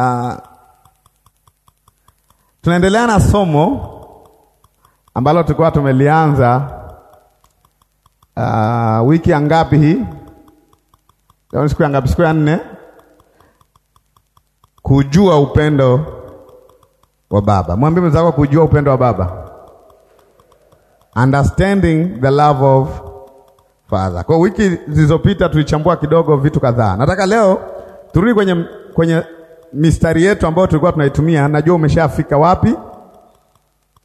Uh, tunaendelea na somo ambalo tulikuwa tumelianza uh, wiki ya ngapi hii? Siku ya ngapi? Siku ya nne, kujua upendo wa Baba. Mwambie mwenzako kujua upendo wa Baba, understanding the love of Father. Kwa wiki zilizopita tulichambua kidogo vitu kadhaa. Nataka leo turudi kwenye kwenye mistari yetu ambayo tulikuwa tunaitumia, najua umeshafika wapi?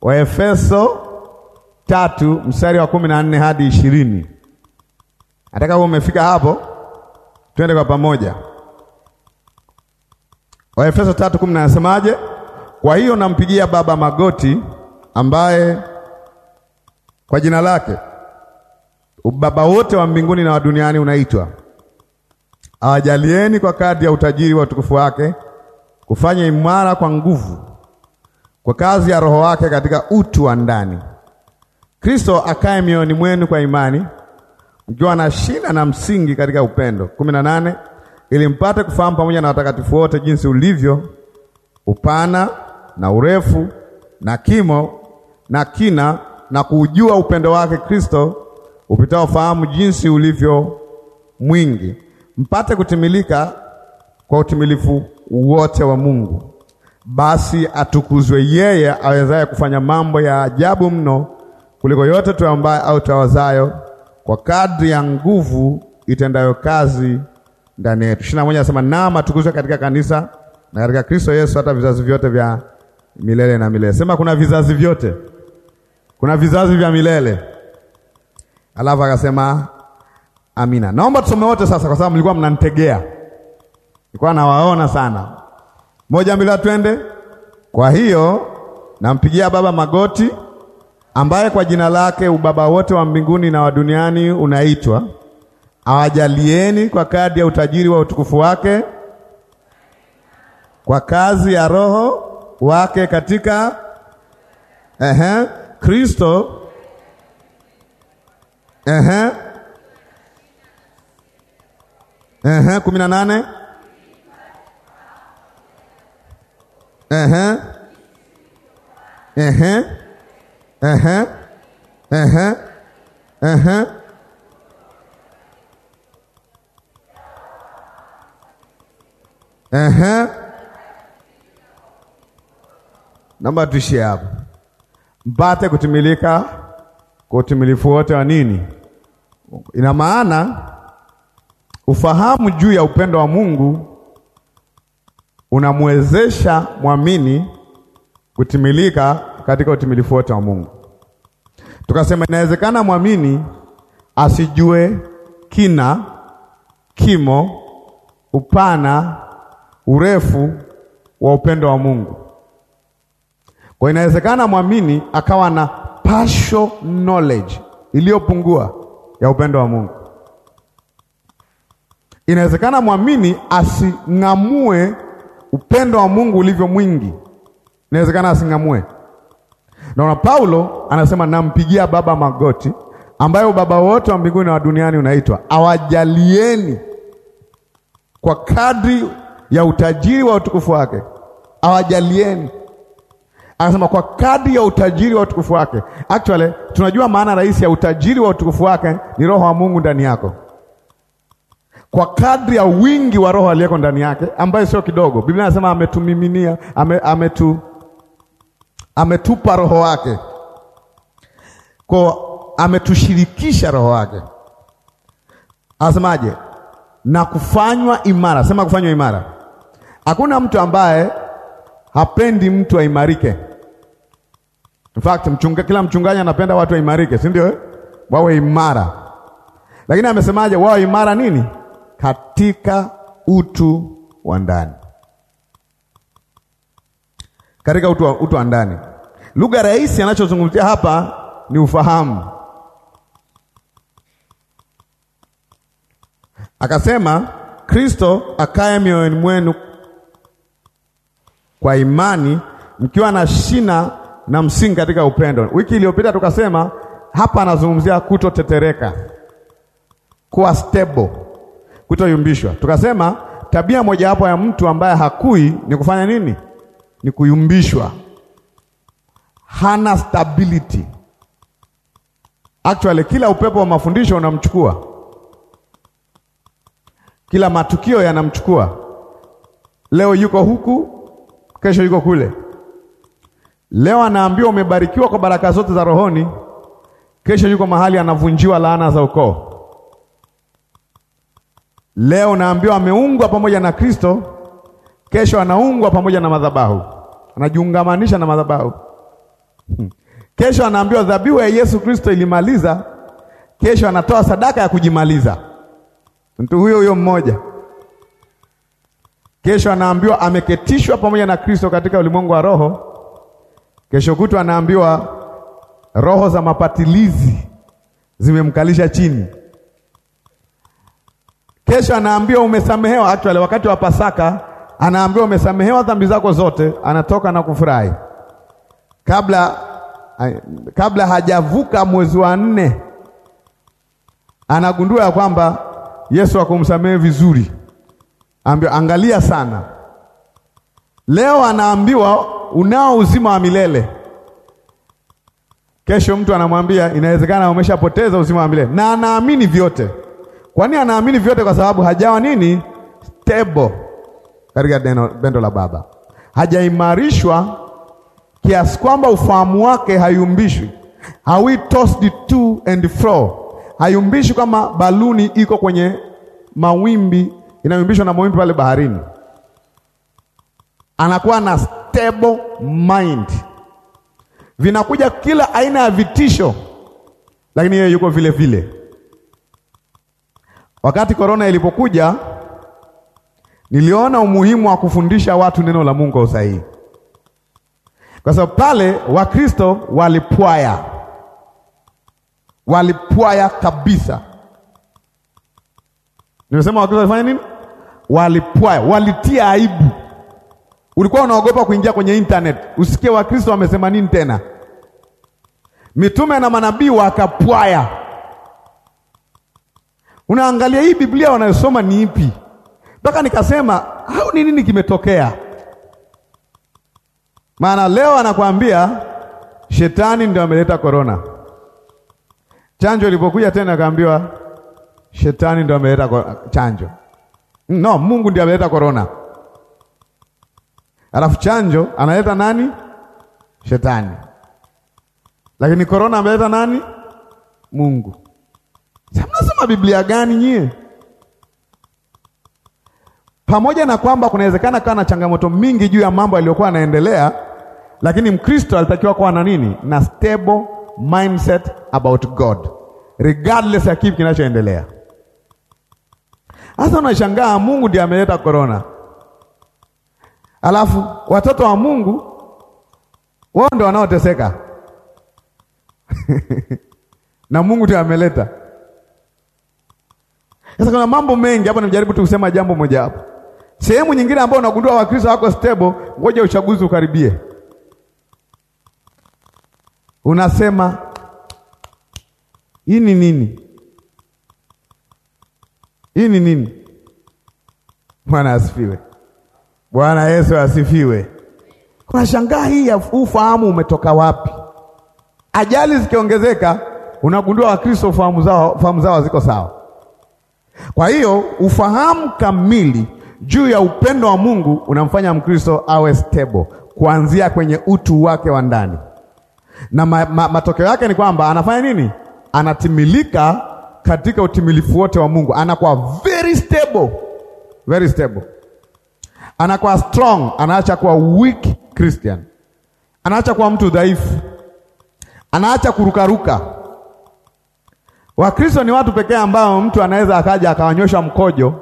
Waefeso tatu mstari wa kumi na nne hadi ishirini. Nataka wewe umefika hapo, twende kwa pamoja. Waefeso tatu kumi nasemaje? Kwa hiyo nampigia Baba magoti ambaye kwa jina lake ubaba wote wa mbinguni na wa duniani unaitwa, awajalieni kwa kadri ya utajiri wa utukufu wake kufanya imara kwa nguvu kwa kazi ya Roho wake katika utu wa ndani, Kristo akae mioyoni mwenu kwa imani, mkiwa na shina na msingi katika upendo. kumi na nane ili mpate kufahamu pamoja na watakatifu wote jinsi ulivyo upana na urefu na kimo na kina, na kuujua upendo wake Kristo upitao fahamu, jinsi ulivyo mwingi, mpate kutimilika kwa utimilifu wote wa Mungu. Basi atukuzwe yeye awezaye kufanya mambo ya ajabu mno kuliko yote tuambaye au tuwazayo, kwa kadri ya nguvu itendayo kazi ndani yetu. Ishirini na moja anasema naam, atukuzwe katika kanisa na katika Kristo Yesu hata vizazi vyote vya milele na milele. Sema kuna vizazi vyote, kuna vizazi vya milele. Alafu akasema amina. Naomba tusome wote sasa, kwa sababu mlikuwa mnanitegea nilikuwa nawaona sana. Moja mbili, twende. Kwa hiyo nampigia Baba magoti, ambaye kwa jina lake ubaba wote wa mbinguni na wa duniani unaitwa, awajalieni kwa kadi ya utajiri wa utukufu wake, kwa kazi ya Roho wake katika ehe, Kristo ehe, ehe, kumi na nane Ehe. Ehe. Ehe. Ehe. Ehe. Ehe. Namba tuishie hapo mpate kutimilika kwa utimilifu wote wa nini? Ina maana ufahamu juu ya upendo wa Mungu unamwezesha mwamini kutimilika katika utimilifu wote wa Mungu. Tukasema inawezekana mwamini asijue kina, kimo, upana, urefu wa upendo wa Mungu. Kwa inawezekana mwamini akawa na partial knowledge iliyopungua ya upendo wa Mungu. Inawezekana mwamini asing'amue upendo wa Mungu ulivyo mwingi, inawezekana asing'amue. Naona Paulo anasema nampigia Baba magoti, ambayo Baba wote wa mbinguni na wa duniani unaitwa, awajalieni kwa kadri ya utajiri wa utukufu wake, awajalieni Anasema kwa kadri ya utajiri wa utukufu wake. Actually tunajua maana rahisi ya utajiri wa utukufu wake ni Roho wa Mungu ndani yako kwa kadri ya wingi wa Roho aliyeko ndani yake, ambaye sio kidogo. Biblia inasema ametumiminia, ame, ametu, ametupa roho wake, kwa ametushirikisha roho wake. Asemaje? na kufanywa imara. Sema kufanywa imara. Hakuna mtu ambaye hapendi mtu aimarike. In fact, mchunga, kila mchungaji anapenda watu waimarike, si ndio? Eh? Wawe imara, lakini amesemaje? Wawe imara nini? katika utu wa ndani, katika utu wa, utu wa ndani. Lugha rahisi anachozungumzia hapa ni ufahamu. Akasema Kristo akaye mioyoni mwenu kwa imani, mkiwa na shina na msingi katika upendo. Wiki iliyopita tukasema hapa anazungumzia kutotetereka, kuwa stable kutoyumbishwa. Tukasema tabia mojawapo ya mtu ambaye hakui ni kufanya nini? Ni kuyumbishwa, hana stability. Actually, kila upepo wa mafundisho unamchukua, kila matukio yanamchukua. Leo yuko huku, kesho yuko kule. Leo anaambiwa umebarikiwa kwa baraka zote za rohoni, kesho yuko mahali anavunjiwa laana za ukoo. Leo unaambiwa ameungwa pamoja na Kristo, kesho anaungwa pamoja na madhabahu, anajiungamanisha na madhabahu. Hmm. Kesho anaambiwa dhabihu ya Yesu Kristo ilimaliza, kesho anatoa sadaka ya kujimaliza, mtu huyo huyo mmoja. Kesho anaambiwa ameketishwa pamoja na Kristo katika ulimwengu wa roho. Kesho kutwa anaambiwa roho za mapatilizi zimemkalisha chini. Kesho anaambiwa umesamehewa. Actually, wakati wa Pasaka anaambiwa umesamehewa dhambi zako zote, anatoka na kufurahi kabla kabla hajavuka mwezi wa nne, anagundua ya kwamba Yesu akumsamehe vizuri. Ambiwa angalia sana. Leo anaambiwa unao uzima wa milele. Kesho mtu anamwambia inawezekana umeshapoteza uzima wa milele, na anaamini vyote. Kwani anaamini vyote kwa sababu hajawa nini? Stable katika pendo la Baba, hajaimarishwa kiasi kwamba ufahamu wake hayumbishwi. Hawi tossed to and fro, hayumbishwi kama baluni iko kwenye mawimbi, inayumbishwa na mawimbi pale baharini. Anakuwa na stable mind, vinakuja kila aina ya vitisho, lakini yeye yuko vile vile. Wakati korona ilipokuja, niliona umuhimu wa kufundisha watu neno la Mungu kwa usahihi, kwa sababu pale Wakristo walipwaya, walipwaya kabisa. Nimesema Wakristo walifanya nini? Walipwaya, walitia aibu. Ulikuwa unaogopa kuingia kwenye internet usikie Wakristo wamesema nini tena. Mitume na manabii wakapwaya Unaangalia hii Biblia wanayosoma ni ipi? Mpaka nikasema au ni nini kimetokea? Maana leo anakuambia shetani ndio ameleta korona. Chanjo ilipokuja tena akaambiwa shetani ndio ameleta chanjo. No, Mungu ndiye ameleta korona. Alafu chanjo analeta nani? Shetani. Lakini korona ameleta nani? Mungu. Mnasoma Biblia gani nyie? Pamoja na kwamba kunawezekana kawa na changamoto mingi juu ya mambo yaliyokuwa yanaendelea, lakini Mkristo alitakiwa kuwa na nini? Na stable mindset about God regardless ya kipi kinachoendelea. hasa unashangaa Mungu ndiye ameleta korona, alafu watoto wa Mungu wao ndio wanaoteseka na Mungu ndiye ameleta sasa kuna mambo mengi hapa, nimejaribu tu kusema jambo moja hapo. Sehemu nyingine ambayo unagundua Wakristo wako stable, ngoja uchaguzi ukaribie, unasema hii ni nini? Hii ni nini? Bwana asifiwe. Bwana Yesu asifiwe. Unashangaa hii ya ufahamu umetoka wapi? Ajali zikiongezeka, unagundua Wakristo fahamu zao, fahamu zao ziko sawa kwa hiyo ufahamu kamili juu ya upendo wa Mungu unamfanya Mkristo awe stable kuanzia kwenye utu wake wa ndani, na ma, ma, matokeo yake ni kwamba anafanya nini? Anatimilika katika utimilifu wote wa Mungu, anakuwa very stable, very stable, anakuwa strong, anaacha kuwa weak Christian, anaacha kuwa mtu dhaifu, anaacha kurukaruka Wakristo ni watu pekee ambao mtu anaweza akaja akawanyosha mkojo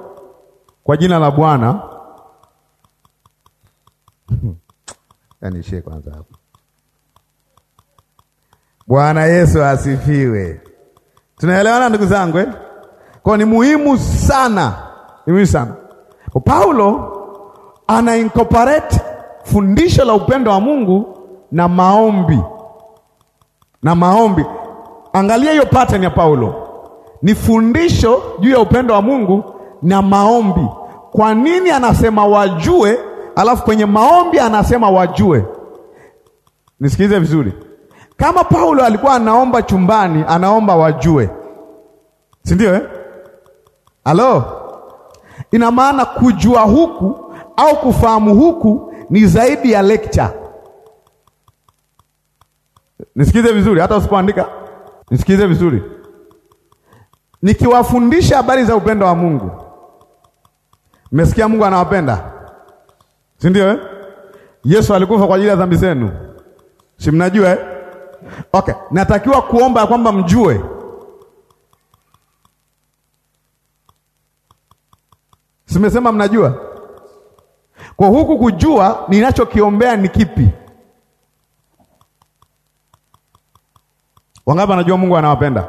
kwa jina la Bwana. Yaani shie kwanza hapo. Bwana Yesu asifiwe. Tunaelewana ndugu zangu eh? Kwa ni muhimu sana, ni muhimu sana. Kwa Paulo ana incorporate fundisho la upendo wa Mungu na maombi na maombi Angalia hiyo pattern ya Paulo, ni fundisho juu ya upendo wa Mungu na maombi. Kwa nini anasema wajue, alafu kwenye maombi anasema wajue? Nisikilize vizuri. Kama Paulo alikuwa anaomba chumbani, anaomba wajue, si ndio eh? Halo, ina maana kujua huku au kufahamu huku ni zaidi ya lecture. Nisikize vizuri, hata usipoandika Nisikize vizuri, nikiwafundisha habari za upendo wa Mungu. Mmesikia Mungu anawapenda, si ndio eh? Yesu alikufa kwa ajili ya dhambi zenu, si mnajua eh? Okay, natakiwa kuomba ya kwamba mjue Simesema mnajua. Kwa huku kujua ninachokiombea ni kipi? Wangapi wanajua Mungu anawapenda?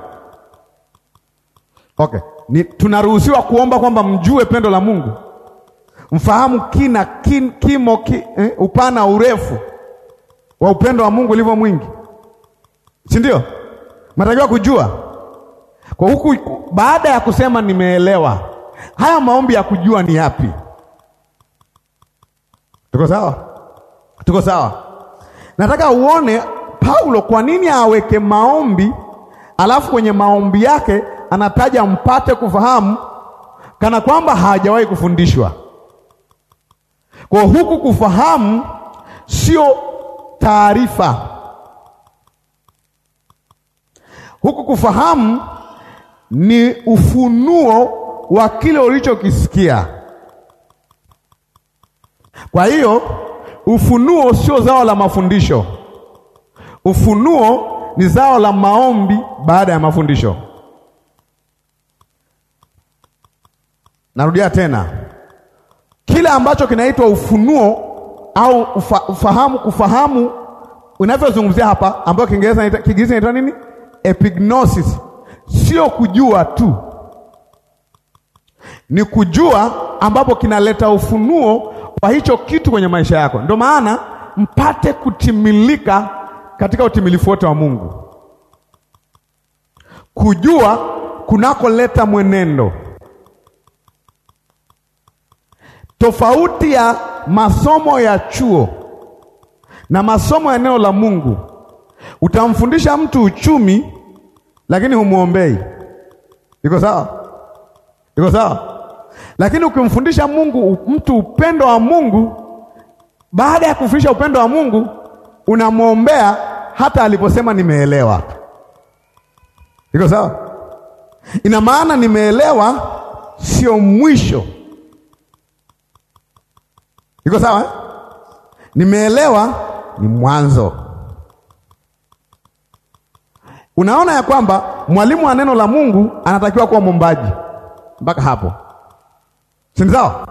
Okay. Ni, tunaruhusiwa kuomba kwamba mjue pendo la Mungu, mfahamu kina kin, kimo ki, eh, upana urefu wa upendo wa Mungu ulivyo mwingi, si ndio? Matakiwa kujua kwa huku. Baada ya kusema nimeelewa, haya maombi ya kujua ni yapi? Tuko sawa? Tuko sawa? Nataka uone Paulo, kwa nini aweke maombi alafu kwenye maombi yake anataja mpate kufahamu, kana kwamba hajawahi kufundishwa? Kwa huku kufahamu sio taarifa, huku kufahamu ni ufunuo wa kile ulichokisikia. Kwa hiyo ufunuo sio zao la mafundisho. Ufunuo ni zao la maombi baada ya mafundisho. Narudia tena, kile ambacho kinaitwa ufunuo au ufa, ufahamu kufahamu unavyozungumzia hapa, ambayo Kiingereza Kiingereza inaitwa nini? Epignosis. Sio kujua tu, ni kujua ambapo kinaleta ufunuo wa hicho kitu kwenye maisha yako, ndio maana mpate kutimilika katika utimilifu wote wa Mungu. Kujua kunakoleta mwenendo tofauti ya masomo ya chuo na masomo ya neno la Mungu. Utamfundisha mtu uchumi, lakini humwombei. Iko sawa? Iko sawa? Lakini ukimfundisha Mungu mtu upendo wa Mungu, baada ya kufundisha upendo wa Mungu unamwombea hata aliposema nimeelewa. Iko sawa? Ina maana nimeelewa sio mwisho. Iko sawa eh? Nimeelewa ni mwanzo. Unaona ya kwamba mwalimu wa neno la Mungu anatakiwa kuwa mwombaji mpaka hapo, si sawa?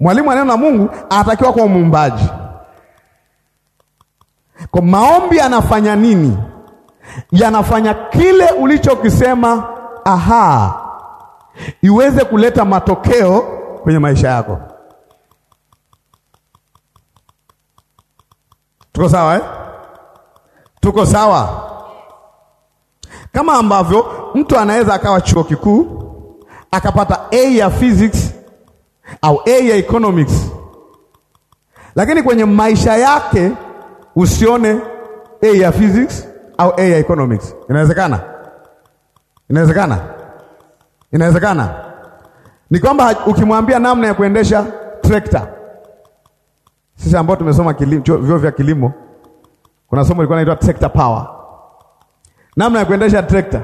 Mwalimu wa neno la Mungu anatakiwa kuwa mwombaji. Kwa maombi yanafanya nini? Yanafanya kile ulichokisema aha, iweze kuleta matokeo kwenye maisha yako. Tuko sawa eh? Tuko sawa. Kama ambavyo mtu anaweza akawa chuo kikuu akapata A ya physics au A ya economics, lakini kwenye maisha yake usione A ya physics au A ya economics. Inawezekana, inawezekana, inawezekana. Ni kwamba ukimwambia namna ya kuendesha trekta, sisi ambao tumesoma vyuo vya kilimo, kuna somo lilikuwa linaitwa trekta power, namna ya kuendesha trekta.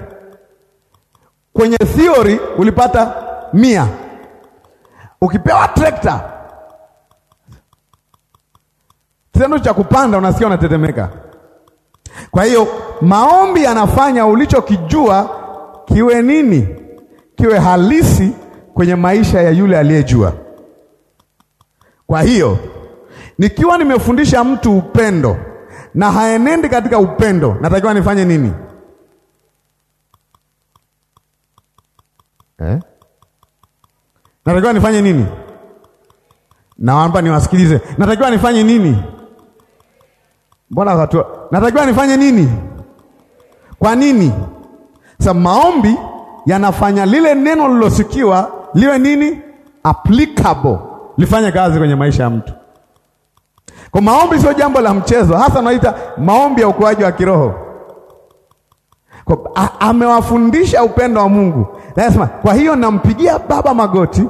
Kwenye theory ulipata mia, ukipewa trekta kitendo cha kupanda, unasikia unatetemeka. Kwa hiyo maombi yanafanya ulichokijua kiwe nini, kiwe halisi kwenye maisha ya yule aliyejua. Kwa hiyo nikiwa nimefundisha mtu upendo na haenendi katika upendo, natakiwa nifanye nini eh? Natakiwa nifanye nini? Naomba niwasikilize. Natakiwa nifanye nini? Mbona watu natakiwa nifanye nini? Kwa nini? Sasa maombi yanafanya lile neno lilosikiwa liwe nini? Applicable, lifanye kazi kwenye maisha ya mtu. Kwa maombi sio jambo la mchezo, hasa naita maombi ya ukuaji wa kiroho. Kwa, amewafundisha upendo wa Mungu. Nasema, kwa hiyo nampigia Baba magoti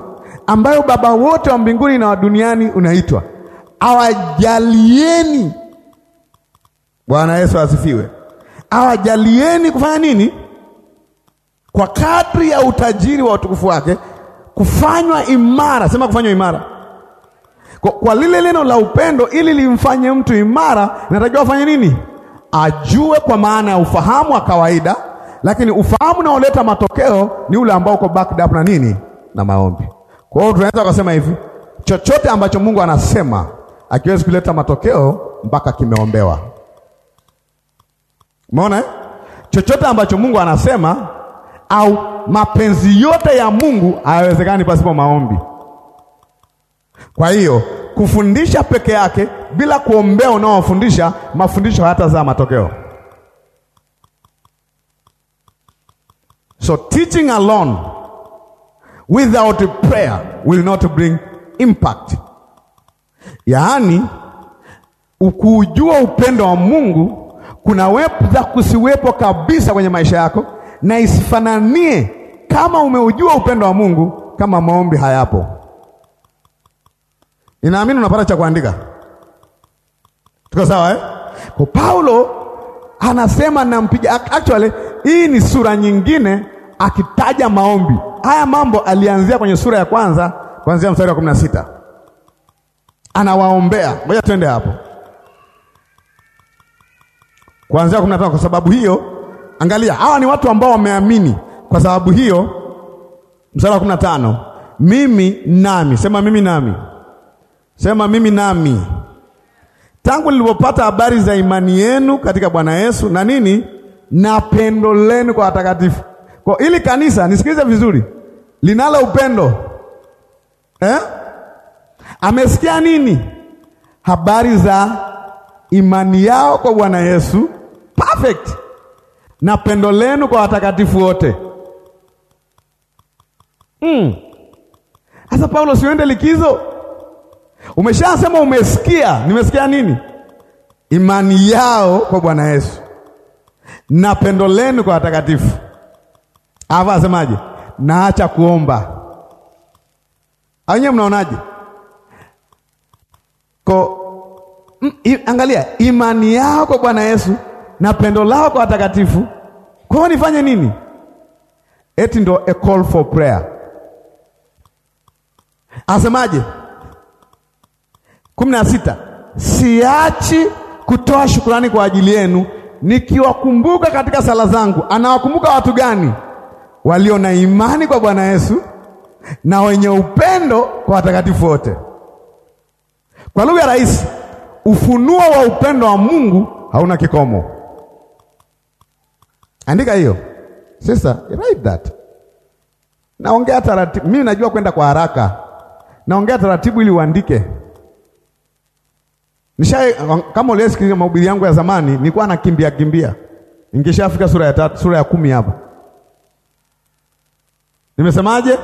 ambayo Baba wote wa mbinguni na wa duniani unaitwa, awajalieni Bwana Yesu asifiwe. Awajalieni kufanya nini? Kwa kadri ya utajiri wa utukufu wake, kufanywa imara. Sema kufanywa imara kwa, kwa lile neno la upendo, ili limfanye mtu imara, inatakiwa afanye nini? Ajue, kwa maana ya ufahamu wa kawaida, lakini ufahamu unaoleta matokeo ni ule ambao uko backed up na nini, na maombi. Kwa hiyo tunaweza kusema hivi, chochote ambacho Mungu anasema akiwezi kuleta matokeo mpaka kimeombewa. Umeona eh? chochote ambacho Mungu anasema au mapenzi yote ya Mungu hayawezekani pasipo maombi. Kwa hiyo kufundisha peke yake bila kuombea unaofundisha, mafundisho hayatazaa matokeo. So teaching alone without a prayer will not bring impact. Yaani, ukuujua upendo wa Mungu kunaweza kusiwepo kabisa kwenye maisha yako, na isifananie kama umeujua upendo wa Mungu kama maombi hayapo. Ninaamini unapata cha kuandika. Tuko sawa eh? Kwa Paulo anasema nampiga, actually hii ni sura nyingine akitaja maombi haya. Mambo alianzia kwenye sura ya kwanza kuanzia mstari wa kumi na sita anawaombea. Ngoja twende hapo kuanzia kumi na tano. Kwa sababu hiyo, angalia, hawa ni watu ambao wameamini. Kwa sababu hiyo, mstari wa kumi na tano, mimi nami, sema mimi nami, sema mimi nami, tangu nilipopata habari za imani yenu katika Bwana Yesu na nini na pendo lenu kwa watakatifu. Kwa ili kanisa, nisikilize vizuri, linalo upendo eh? Amesikia nini? Habari za imani yao kwa Bwana Yesu perfect, na pendo lenu kwa watakatifu wote. Sasa hmm. mm. Paulo, siuende likizo? Umeshasema umesikia. Nimesikia nini? Imani yao kwa Bwana Yesu na pendo lenu kwa watakatifu. Hapa asemaje? Naacha kuomba. Anyewe mnaonaje? Ko, mm, angalia imani yao kwa Bwana Yesu na pendo lao kwa watakatifu. Kwa hiyo nifanye nini? Eti ndo a call for prayer. Asemaje? kumi na sita, siachi kutoa shukurani kwa ajili yenu nikiwakumbuka katika sala zangu. Anawakumbuka watu gani? Walio na imani kwa Bwana Yesu na wenye upendo kwa watakatifu wote. Kwa lugha rahisi, ufunuo wa upendo wa Mungu hauna kikomo. Andika hiyo sasa, write that. Naongea taratibu, mimi najua kwenda kwa haraka, naongea taratibu ili uandike. Nisha kama uliyesikiliza mahubiri yangu ya zamani, nilikuwa nakimbia kimbia, ningeshafika sura ya tatu, sura ya kumi hapo. Nimesemaje?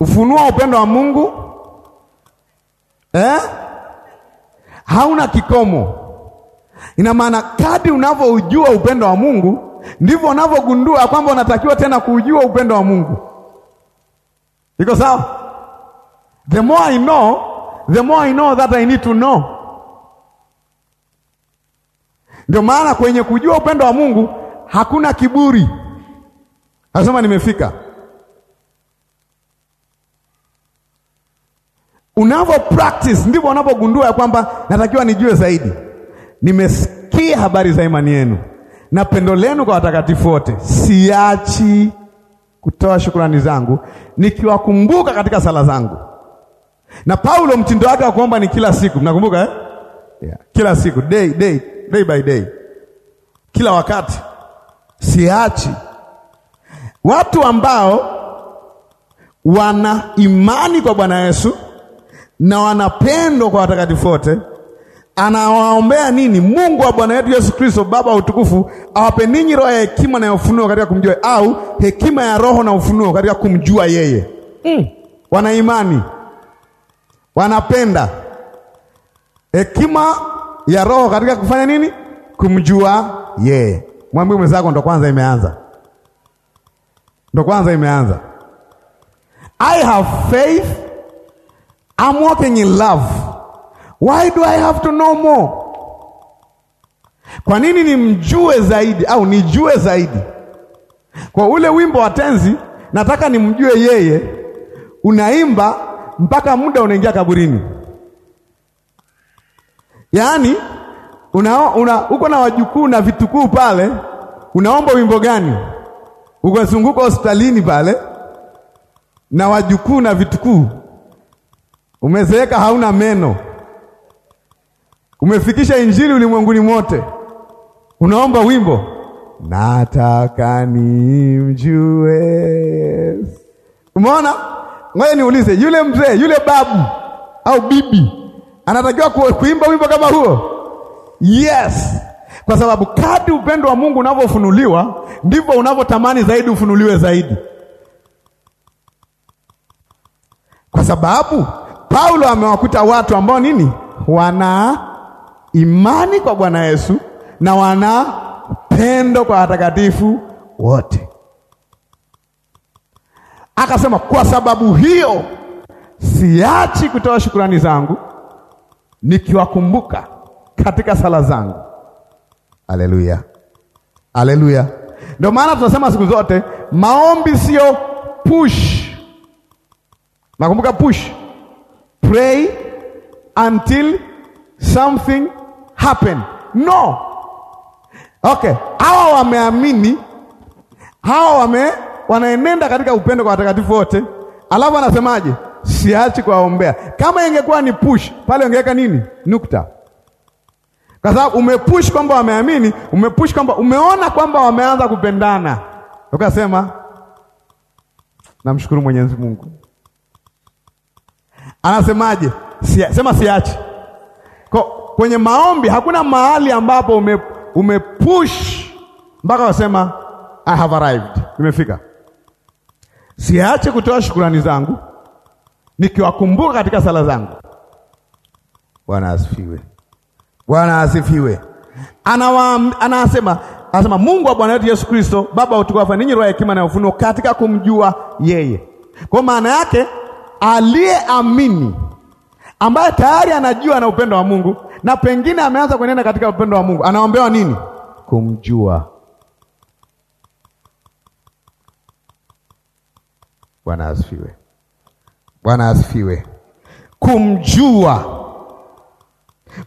Ufunua upendo wa Mungu eh? hauna kikomo Ina maana kadi unavyojua upendo wa Mungu ndivyo unavyogundua kwamba unatakiwa tena kuujua upendo wa Mungu. Iko sawa? The more I know, the more I know that I need to know. Ndio maana kwenye kujua upendo wa Mungu hakuna kiburi. Anasema nimefika. Unavyo practice ndivyo unavogundua ya kwamba natakiwa nijue zaidi nimesikia habari za imani yenu na pendo lenu kwa watakatifu wote, siachi kutoa shukurani zangu nikiwakumbuka katika sala zangu. Na Paulo mtindo wake wa kuomba ni kila siku, mnakumbuka eh? Yeah. Kila siku day, day, day by day, kila wakati siachi. Watu ambao wana imani kwa Bwana Yesu na wanapendwa kwa watakatifu wote anawaombea nini? Mungu wa Bwana wetu Yesu Kristo, Baba wa utukufu, awape ninyi roho ya hekima na ufunuo katika kumjua, au hekima ya roho na ufunuo katika kumjua yeye. Mm. Wana imani, wanapenda hekima ya roho katika kufanya nini? Kumjua yeye. Mwambie mwenzako, ndo kwanza imeanza, ndo kwanza imeanza. I have faith, I'm walking in love Why do I have to know more? Kwa nini nimjue zaidi au nijue zaidi? Kwa ule wimbo wa tenzi, nataka nimjue yeye, unaimba mpaka muda unaingia kaburini, yaani una, una, uko na wajukuu na vitukuu pale, unaomba wimbo gani? Uko zunguko hospitalini pale na wajukuu na vitukuu, umezeeka, hauna meno umefikisha injili ulimwenguni mote, unaomba wimbo, nataka nimjue. Umeona? Ngoja niulize, yule mzee yule babu au bibi anatakiwa kuimba wimbo kama huo? Yes, kwa sababu kadri upendo wa Mungu unavyofunuliwa ndivyo unavyotamani zaidi ufunuliwe zaidi, kwa sababu Paulo amewakuta watu ambao nini wana imani kwa Bwana Yesu na wana pendo kwa watakatifu wote. Akasema, kwa sababu hiyo siachi kutoa shukurani zangu nikiwakumbuka katika sala zangu. Haleluya, haleluya! Ndio maana tunasema siku zote maombi sio push. Nakumbuka push, pray until something happen. No. Okay, hawa wameamini, hawa wame wanaenenda katika upendo kwa watakatifu wote, alafu anasemaje? Siachi kuwaombea. Kama ingekuwa ni push pale, ungeweka nini? Nukta, kwa sababu umepush kwamba wameamini, umepush kwamba umeona kwamba wameanza kupendana, ukasema namshukuru Mwenyezi Mungu. Anasemaje? Sia, sema siachi kwa kwenye maombi hakuna mahali ambapo ume, mpaka wasema I have arrived, nimefika. Siache kutoa shukurani zangu nikiwakumbuka katika sala zangu. Bwana asifiwe, Bwana asifiwe. Anasema anasema Mungu wa Bwana wetu Yesu Kristo, Baba wa utukufu, ninyi roho ya hekima na ufunuo katika kumjua yeye. Kwa maana yake aliyeamini ambaye tayari anajua na upendo wa Mungu na pengine ameanza kuenenda katika upendo wa Mungu, anaombewa nini? Kumjua Bwana asifiwe. Bwana asifiwe. Kumjua,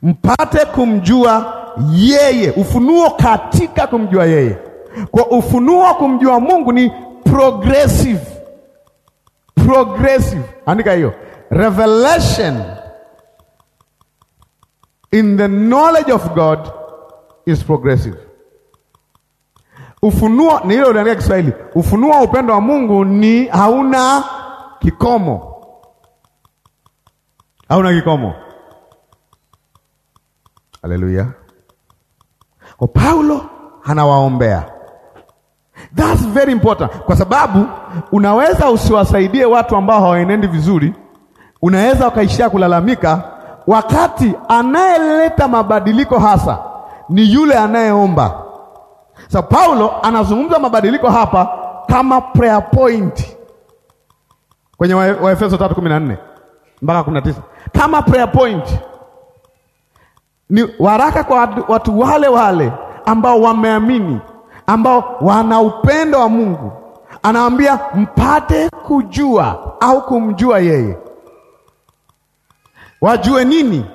mpate kumjua yeye. Ufunuo katika kumjua yeye. Kwa ufunuo kumjua Mungu ni progressive, progressive. Andika hiyo revelation in the knowledge of God is progressive. Ufunuo ni ile uliandika Kiswahili, ufunuo upendo wa Mungu ni hauna kikomo, hauna kikomo. Haleluya! Kwa oh, Paulo anawaombea. That's very important, kwa sababu unaweza usiwasaidie watu ambao hawaenendi vizuri, unaweza ukaishia kulalamika wakati anayeleta mabadiliko hasa ni yule anayeomba. Sa Paulo anazungumza mabadiliko hapa kama prayer point kwenye Waefeso tatu kumi mpaka 19, kama prayer point ni waraka kwa watu wale wale ambao wameamini, ambao wana upendo wa Mungu. Anawaambia mpate kujua au kumjua yeye wajue nini?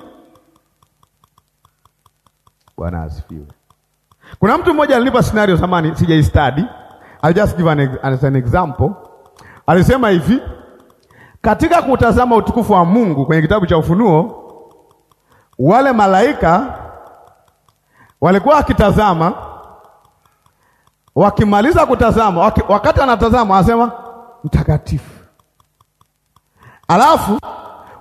Bwana asifiwe. Kuna mtu mmoja alinipa scenario zamani, sijai study. I just give an, as an example. Alisema hivi katika kutazama utukufu wa Mungu kwenye kitabu cha Ufunuo, wale malaika walikuwa wakitazama, wakimaliza kutazama, wakati anatazama anasema mtakatifu, alafu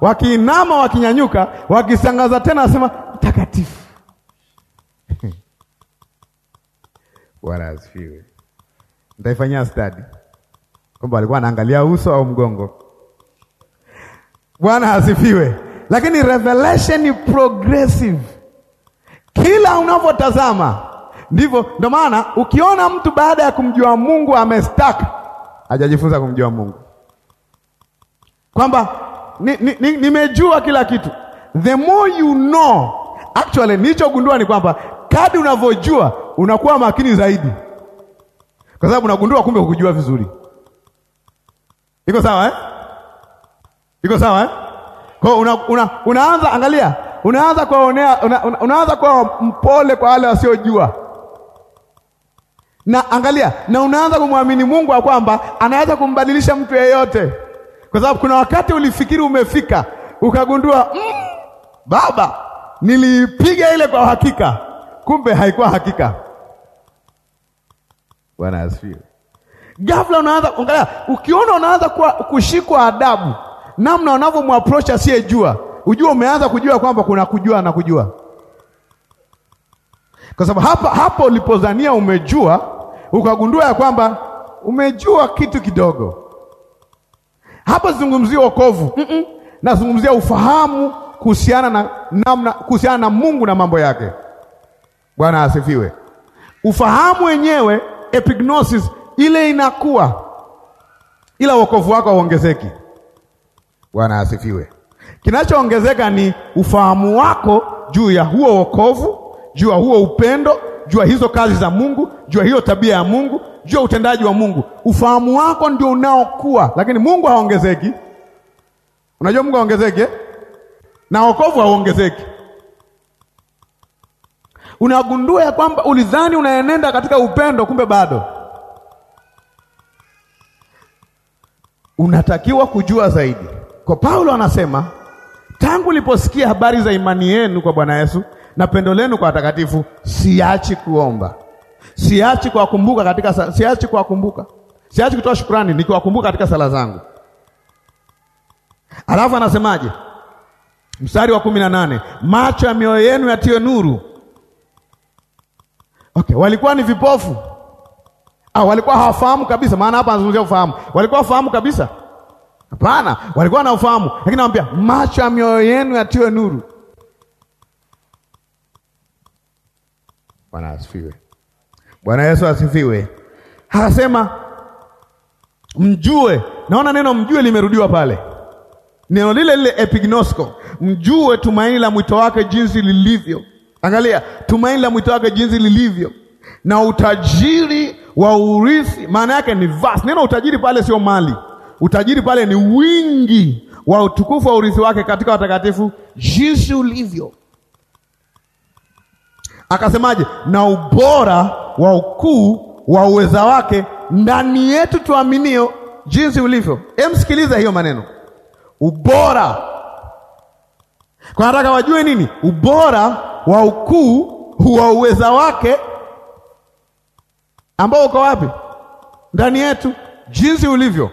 wakiinama, wakinyanyuka, wakisangaza tena, asema mtakatifu. Bwana asifiwe. Nitaifanyia study kwamba alikuwa anaangalia uso au mgongo. Bwana asifiwe. Lakini revelation ni progressive, kila unavyotazama ndivyo. Ndio maana ukiona mtu baada ya kumjua Mungu amestaka, hajajifunza kumjua Mungu, kwamba nimejua ni, ni kila kitu. The more you know, actually nilichogundua ni kwamba kadi unavyojua unakuwa makini zaidi, kwa sababu unagundua kumbe hukujua vizuri. Iko sawa eh? Iko sawa eh? Kwa una, una, unaanza angalia, unaanza kuwaonea una, una, unaanza kuwa mpole kwa wale wasiojua, na angalia, na unaanza kumwamini Mungu wa kwamba anaweza kumbadilisha mtu yeyote kwa sababu kuna wakati ulifikiri umefika, ukagundua mm, baba, nilipiga ile kwa hakika, kumbe haikuwa hakika. Bwana asifiwe. Ghafla unaanza kuangalia, ukiona unaanza kushikwa adabu, namna wanavyomwaproach asiyejua, ujua umeanza kujua kwamba kuna kujua na kujua, kwa sababu hapa hapo ulipozania umejua, ukagundua ya kwamba umejua kitu kidogo. Hapa sizungumzia wokovu mm -mm. Nazungumzia ufahamu kuhusiana na namna, kuhusiana na Mungu na mambo yake. Bwana asifiwe. Ufahamu wenyewe epignosis ile inakuwa, ila wokovu wako hauongezeki. Bwana asifiwe. Kinachoongezeka ni ufahamu wako juu ya huo wokovu, juu ya huo upendo, juu ya hizo kazi za Mungu, juu ya hiyo tabia ya Mungu, juu ya utendaji wa Mungu. Ufahamu wako ndio unaokuwa, lakini Mungu haongezeki. Unajua Mungu haongezeki eh? na wokovu hauongezeki. Unagundua ya kwamba ulidhani unaenenda katika upendo, kumbe bado. Unatakiwa kujua zaidi. Kwa Paulo anasema, tangu niliposikia habari za imani yenu kwa Bwana Yesu na pendo lenu kwa watakatifu, siachi kuomba siachi kuwakumbuka katika, siachi kuwakumbuka, siachi kutoa shukrani nikiwakumbuka katika sala zangu. Alafu anasemaje? Mstari wa kumi na nane, macho ya mioyo yenu yatiwe nuru. Okay, walikuwa ni vipofu ah, walikuwa hawafahamu kabisa. Maana hapa anazungumzia ufahamu. Walikuwa wafahamu kabisa? Hapana, walikuwa na ufahamu, lakini anamwambia macho ya mioyo yenu yatiwe nuru. Bwana asifiwe. Bwana Yesu asifiwe. Akasema mjue, naona neno mjue limerudiwa pale, neno lile lile epignosko, mjue tumaini la mwito wake jinsi lilivyo. Angalia tumaini la mwito wake jinsi lilivyo, na utajiri wa urithi. Maana yake ni vast. Neno utajiri pale sio mali, utajiri pale ni wingi wa utukufu wa urithi wake katika watakatifu jinsi ulivyo. Akasemaje? na ubora wa ukuu wa uweza wake ndani yetu tuaminio jinsi ulivyo. Emsikiliza hiyo maneno ubora, kwa nataka wajue nini ubora wa ukuu wa uweza wake ambao uko wapi? Ndani yetu jinsi ulivyo.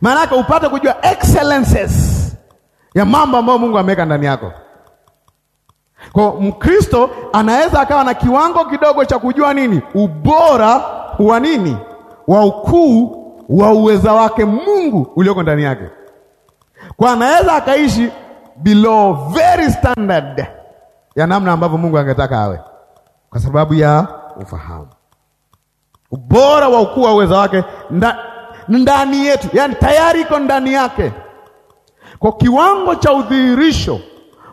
Maanake upate kujua excellences ya mambo ambayo Mungu ameweka ndani yako. Kwa Mkristo anaweza akawa na kiwango kidogo cha kujua nini ubora wa nini wa ukuu wa uweza wake Mungu ulioko ndani yake, kwa anaweza akaishi below very standard ya namna ambavyo Mungu angetaka awe, kwa sababu ya ufahamu ubora wa ukuu wa uweza wake nda, ndani yetu, yani tayari iko ndani yake, kwa kiwango cha udhihirisho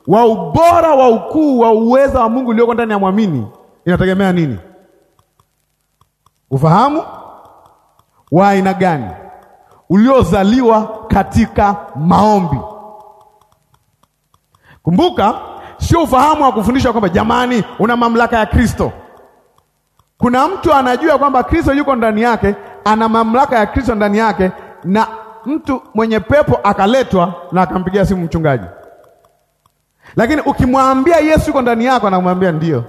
wa ubora wa ukuu wa uweza wa Mungu ulioko ndani ya mwamini inategemea nini? Ufahamu wa aina gani uliozaliwa katika maombi. Kumbuka, sio ufahamu wa kufundisha kwamba jamani, una mamlaka ya Kristo. Kuna mtu anajua kwamba Kristo yuko ndani yake, ana mamlaka ya Kristo ndani yake, na mtu mwenye pepo akaletwa na akampigia simu mchungaji lakini ukimwambia Yesu yuko ndani yako, anamwambia ndio,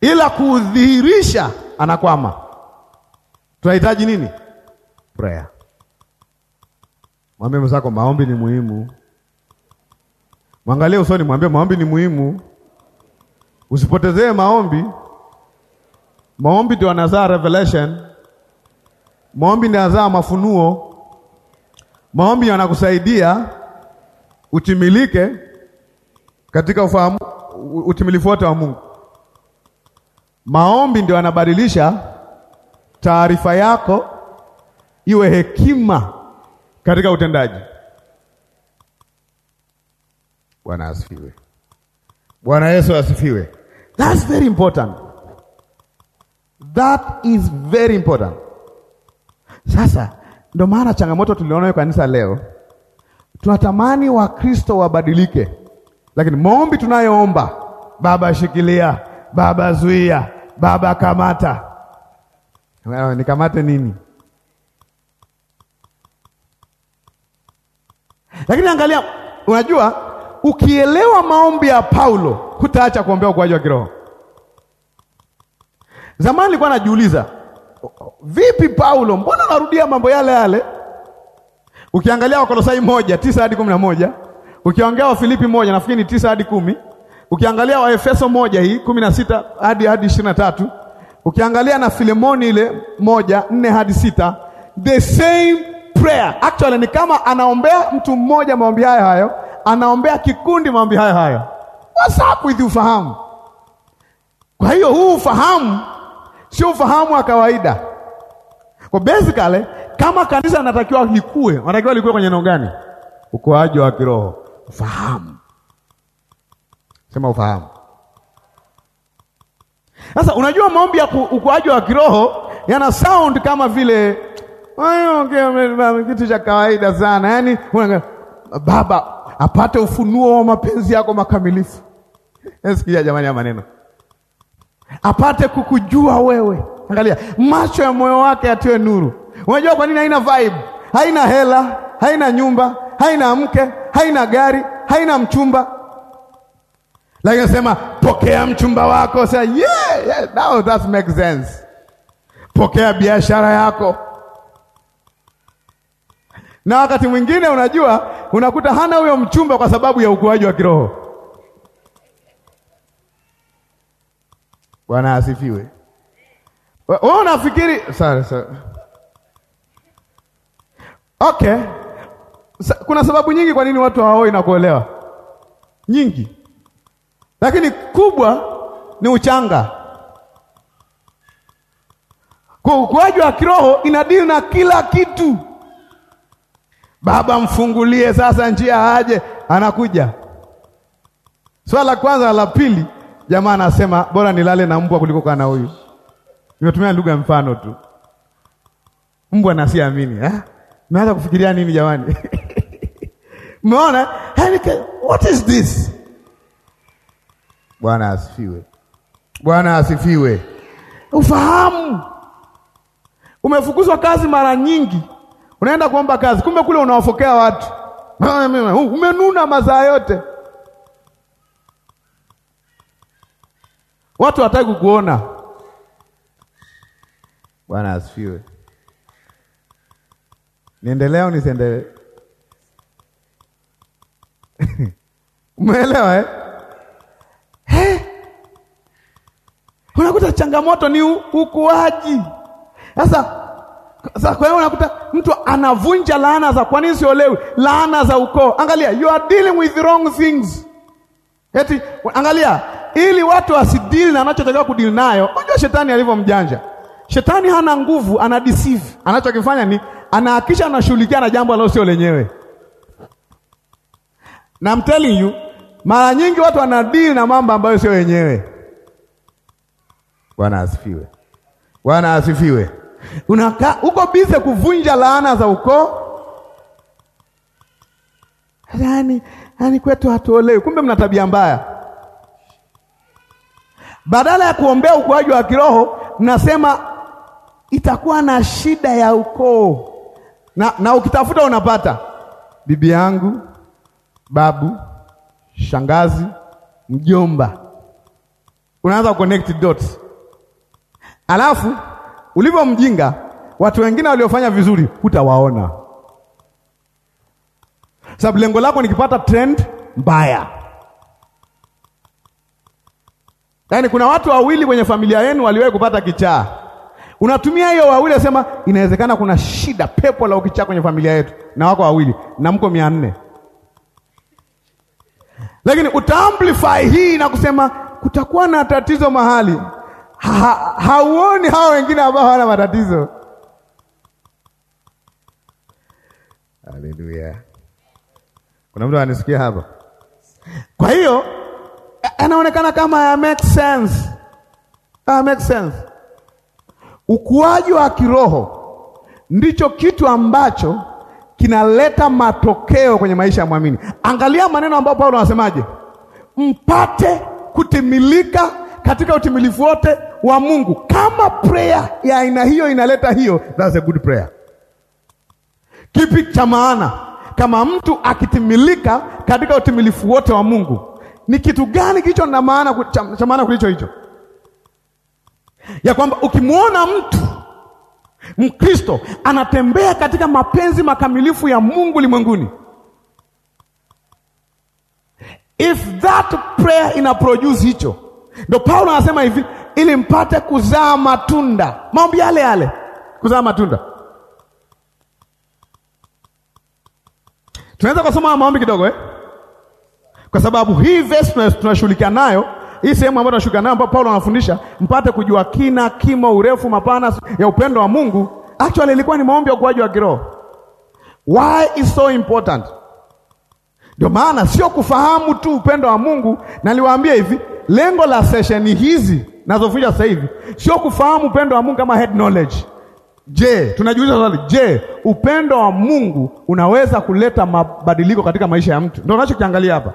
ila kudhihirisha anakwama. Tunahitaji nini? Prayer. Mwambie mwenzako maombi ni muhimu. Mwangalie usoni, mwambie maombi ni muhimu. Usipotezee maombi. Maombi ndio anazaa revelation. Maombi ndio anazaa mafunuo. Maombi yanakusaidia utimilike katika ufahamu utimilifu wote wa Mungu. Maombi ndio yanabadilisha taarifa yako iwe hekima katika utendaji. Bwana asifiwe. Bwana Yesu asifiwe. That's very important. That is very important. Sasa ndio maana changamoto tulionayo kanisa leo Tunatamani Wakristo wabadilike, lakini maombi tunayoomba Baba shikilia, Baba zuia, Baba kamata, nikamate nini? Lakini angalia, unajua ukielewa maombi ya Paulo hutaacha kuombea ukuaji wa kiroho. Zamani nilikuwa najiuliza, vipi Paulo, mbona narudia mambo yale yale? Ukiangalia Wakolosai moja tisa hadi kumi na moja ukiongea Wafilipi moja nafikiri ni tisa hadi kumi ukiangalia Waefeso moja hii kumi na sita hadi hadi ishirini na tatu ukiangalia na Filemoni ile moja nne hadi sita the same prayer actually ni kama anaombea mtu mmoja maombi hayo hayo, anaombea kikundi maombi hayo hayo. What's up with ufahamu? Kwa hiyo huu ufahamu sio ufahamu wa kawaida. Kwa basically kama kanisa natakiwa likue, natakiwa likue kwenye eneo gani? Ukuaji wa kiroho, ufahamu. Sema ufahamu. Sasa unajua maombi ya ukuaji wa kiroho yana sound kama vile kitu cha kawaida sana, yaani baba apate ufunuo wa mapenzi yako makamilifu. Eh, sikia jamani, ya maneno apate kukujua wewe. Angalia, macho ya moyo wake atiwe nuru. Unajua kwa nini haina vibe? Haina hela, haina nyumba, haina mke, haina gari, haina mchumba. Lakini nasema pokea mchumba wako. Sasa yeah, yeah, now that makes sense. Pokea biashara yako. Na wakati mwingine unajua unakuta hana huyo mchumba kwa sababu ya ukuaji wa kiroho. Bwana asifiwe. Wewe unafikiri sorry, sorry. Okay. Kuna sababu nyingi kwa nini watu hawaoi na kuolewa, nyingi, lakini kubwa ni uchanga. Kwa ukuaji wa kiroho inadili na kila kitu. Baba, mfungulie sasa njia aje, anakuja. Swala la kwanza, la pili, jamaa anasema bora nilale na mbwa kuliko kana huyu. Nimetumia lugha mfano tu, mbwa nasiamini eh? Mmeanza kufikiria nini jamani? Umeona? What is this? Bwana asifiwe. Bwana asifiwe. Ufahamu. Umefukuzwa kazi mara nyingi. Unaenda kuomba kazi, kumbe kule unawafokea watu. Umenuna mazaa yote. Watu hawataki kukuona. Bwana asifiwe. Niendelee au nisiendelee? Umeelewa eh? Hey! Unakuta changamoto ni ukuaji. Sasa sasa kwa hiyo unakuta mtu anavunja laana za kwa nini siolewi? Laana za ukoo. Angalia, you are dealing with wrong things. Eti angalia, ili watu wasidili na anachotakiwa kudili nayo. Unajua shetani alivyomjanja. Shetani hana nguvu, ana deceive. Anachokifanya ni anahakisha anashughulikia na jambo lao sio lenyewe. Na I'm telling you, mara nyingi watu wanadili na mambo ambayo sio wenyewe. Bwana asifiwe, Bwana asifiwe. Unakaa uko bize kuvunja laana za ukoo, yaani yaani kwetu hatuolewi, kumbe mna tabia mbaya. Badala ya kuombea ukuaji wa kiroho, mnasema itakuwa na shida ya ukoo na, na ukitafuta unapata bibi yangu, babu, shangazi, mjomba, unaanza connect dots. Alafu ulivyo mjinga, watu wengine waliofanya vizuri hutawaona, sababu lengo lako nikipata trend mbaya. Yaani kuna watu wawili kwenye familia yenu waliwahi kupata kichaa Unatumia hiyo wawili, asema inawezekana kuna shida, pepo la ukichaa kwenye familia yetu, na wako wawili na mko mia nne, lakini utaamplify hii na kusema kutakuwa na tatizo mahali ha, hauoni hao wengine ambao hawana matatizo. Haleluya! kuna mtu anisikia hapa? Kwa hiyo anaonekana kama make sense, make sense Ukuaji wa kiroho ndicho kitu ambacho kinaleta matokeo kwenye maisha ya mwamini. Angalia maneno ambayo Paulo anasemaje, mpate kutimilika katika utimilifu wote wa Mungu. Kama prayer ya aina hiyo inaleta hiyo, that's a good prayer. Kipi cha maana kama mtu akitimilika katika utimilifu wote wa Mungu? Ni kitu gani kilicho na maana cha maana kulicho hicho? ya kwamba ukimwona mtu Mkristo anatembea katika mapenzi makamilifu ya Mungu ulimwenguni, if that prayer ina produce hicho, ndo Paulo anasema hivi, ili mpate kuzaa matunda. Maombi yale yale, kuzaa matunda. Tunaweza kusoma maombi kidogo eh? Kwa sababu hii verse tunashughulikia nayo hii sehemu ambayo tunashuka nayo, ambapo Paulo anafundisha mpate kujua kina, kimo, urefu, mapana ya upendo wa Mungu, actually ilikuwa ni maombi ya ukuaji wa kiroho. Why is so important? Ndio maana sio kufahamu tu upendo wa Mungu. Naliwaambia hivi, lengo la sesheni hizi nazofundisha sasa hivi sio kufahamu upendo wa Mungu kama head knowledge. Je, tunajiuliza swali, je, upendo wa Mungu unaweza kuleta mabadiliko katika maisha ya mtu? Ndio unachokiangalia hapa.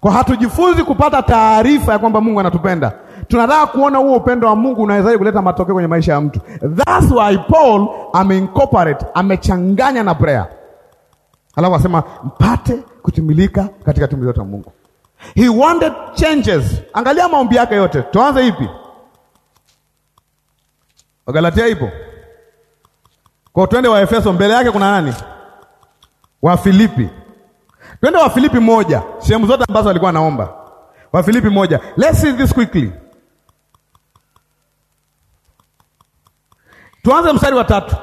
Kwa hatujifunzi kupata taarifa ya kwamba Mungu anatupenda. Tunataka kuona huo upendo wa Mungu unawezaje kuleta matokeo kwenye maisha ya mtu. That's why Paul ameincorporate, amechanganya na prayer. Alafu asema mpate kutimilika katika tumbo la Mungu. He wanted changes. Angalia maombi yake yote. Tuanze ipi? Wagalatia ipo. Kwa twende wa Efeso mbele yake kuna nani? Wa Filipi. Twende Wafilipi moja, sehemu zote ambazo alikuwa anaomba. Wafilipi moja. Let's see this quickly. Tuanze mstari wa tatu.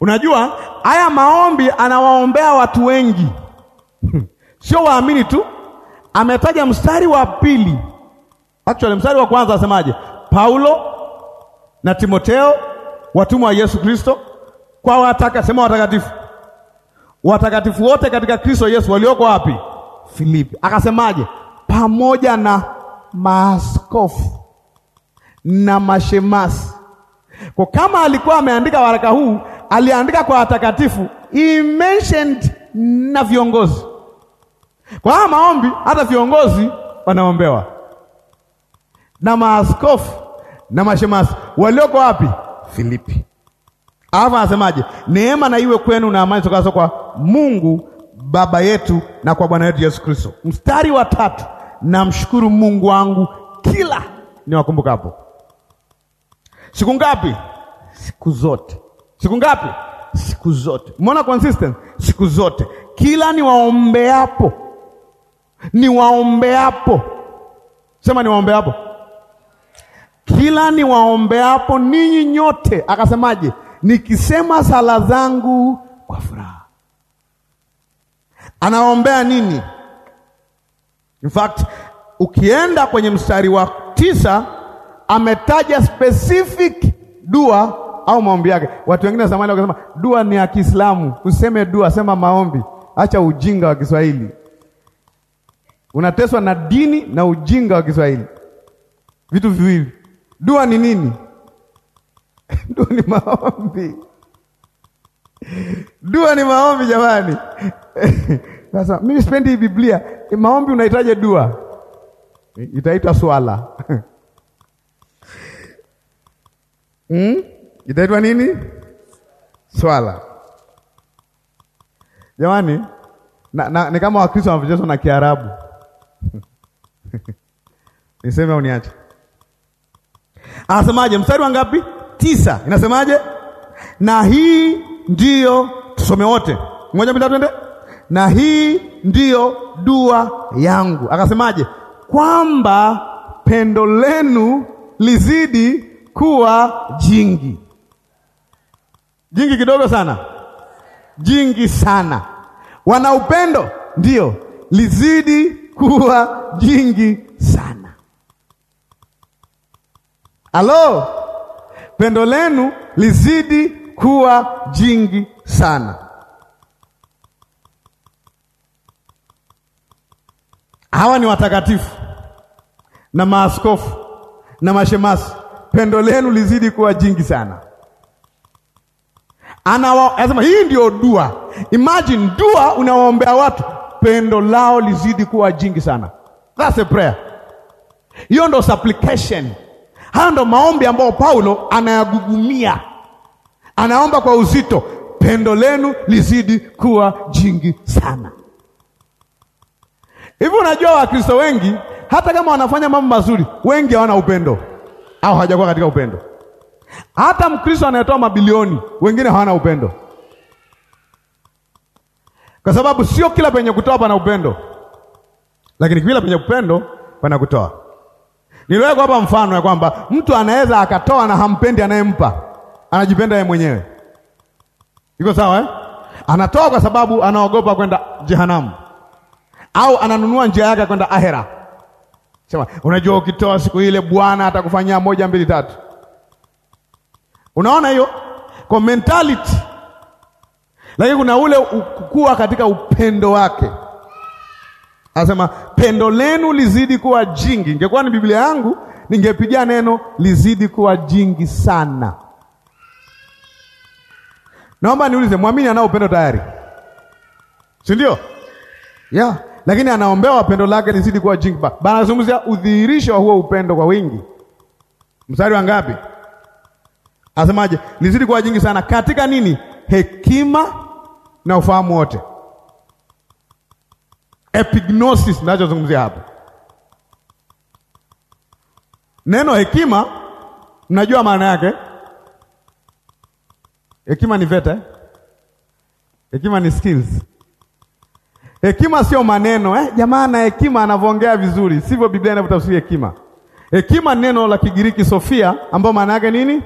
Unajua haya maombi anawaombea watu wengi sio waamini tu. Ametaja mstari wa pili, actually mstari wa kwanza asemaje? Paulo na Timoteo watumwa wa Yesu Kristo kwa wataka sema watakatifu watakatifu wote katika Kristo Yesu walioko wapi? Filipi. Akasemaje? pamoja na maaskofu na mashemasi. Kwa kama alikuwa ameandika waraka huu, aliandika kwa watakatifu, he mentioned na viongozi. Kwa haya maombi, hata viongozi wanaombewa na maaskofu na mashemasi walioko wapi? Filipi. Alafu anasemaje? Neema na iwe kwenu na amani tokazo kwa Mungu Baba yetu na kwa Bwana wetu Yesu Kristo. Mstari wa tatu, namshukuru Mungu wangu kila niwakumbukapo. Siku ngapi? Siku zote. Siku ngapi? Siku zote. Umeona consistent? Siku zote, kila niwaombeapo, niwaombeapo, sema niwaombeapo kila niwaombeapo ninyi nyote, akasemaje? Nikisema sala zangu kwa furaha. Anaombea nini? In fact ukienda kwenye mstari wa tisa ametaja specific dua au maombi yake. Watu wengine zamani wakasema dua ni ya Kiislamu, useme dua, sema maombi. Acha ujinga wa Kiswahili, unateswa na dini na ujinga wa Kiswahili, vitu viwili. Dua ni nini? Dua ni maombi. Dua ni maombi jamani. Sasa mimi sipendi hii Biblia. Maombi unahitaje dua, itaitwa swala mm? Itaitwa nini? Swala jamani, na, na, ni kama Wakristo wanavyocheza na Kiarabu niseme au niache? Anasemaje? mstari wa ngapi? Tisa inasemaje? na hii ndiyo tusome wote, moja mbili twende. Na hii ndiyo dua yangu, akasemaje? kwamba pendo lenu lizidi kuwa jingi jingi kidogo sana, jingi sana. Wana upendo ndio lizidi kuwa jingi sana halo pendo lenu lizidi kuwa jingi sana. Hawa ni watakatifu na maaskofu na mashemasi. Pendo lenu lizidi kuwa jingi sana. Anawa, anasema hii ndio dua. Imagine dua unawaombea watu, pendo lao lizidi kuwa jingi sana. That's a prayer. Hiyo ndo supplication. Haya ndo maombi ambayo Paulo anayagugumia, anaomba kwa uzito, pendo lenu lizidi kuwa jingi sana. Hivi unajua, Wakristo wengi hata kama wanafanya mambo mazuri, wengi hawana upendo au hawajakuwa katika upendo. Hata Mkristo anayetoa mabilioni, wengine hawana upendo, kwa sababu sio kila penye kutoa pana upendo, lakini kila penye upendo pana kutoa. Niliweka hapa mfano ya kwamba mtu anaweza akatoa na hampendi anayempa, anajipenda yeye mwenyewe. Iko sawa eh? Anatoa kwa sababu anaogopa kwenda jehanamu, au ananunua njia yake kwenda ahera. Sema unajua, ukitoa siku ile Bwana atakufanyia moja mbili tatu. Unaona hiyo kwa mentality, lakini kuna ule kukua katika upendo wake. Anasema pendo lenu lizidi kuwa jingi. Ingekuwa ni Biblia yangu ningepiga neno lizidi kuwa jingi sana. Naomba niulize, mwamini anao upendo tayari, si ndio? Yeah, lakini anaombewa pendo lake lizidi kuwa jingi. Bana anazungumzia udhihirisho wa huo upendo kwa wingi. Mstari wa ngapi? Asemaje? Lizidi kuwa jingi sana katika nini? Hekima na ufahamu wote epignosis ninachozungumzia hapo. Neno hekima mnajua maana yake? Hekima ni vete, hekima ni skills. Hekima sio maneno eh? Jamaa na hekima anavyoongea vizuri, sivyo Biblia inavyotafsiri hekima. Hekima neno la Kigiriki Sofia, ambayo maana yake nini?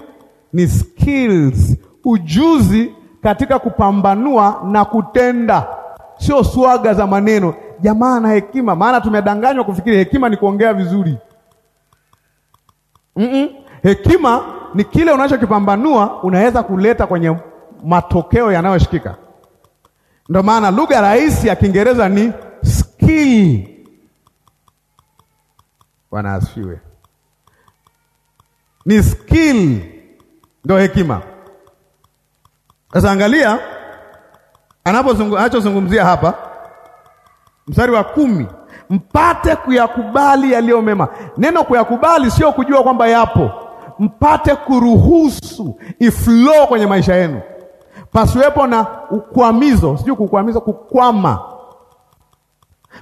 Ni skills, ujuzi katika kupambanua na kutenda, sio swaga za maneno jamaa na hekima, maana tumedanganywa kufikiri hekima ni kuongea vizuri. mm -mm. Hekima ni kile unachokipambanua unaweza kuleta kwenye matokeo yanayoshikika. Ndio maana lugha rahisi ya Kiingereza ni skill. Bwana asifiwe. Ni skill ndio hekima. Sasa angalia anapozungumzia hapa mstari wa kumi, mpate kuyakubali yaliyo mema. Neno kuyakubali sio kujua kwamba yapo, mpate kuruhusu iflow kwenye maisha yenu, pasiwepo na ukwamizo. Sijui kukwamiza, kukwama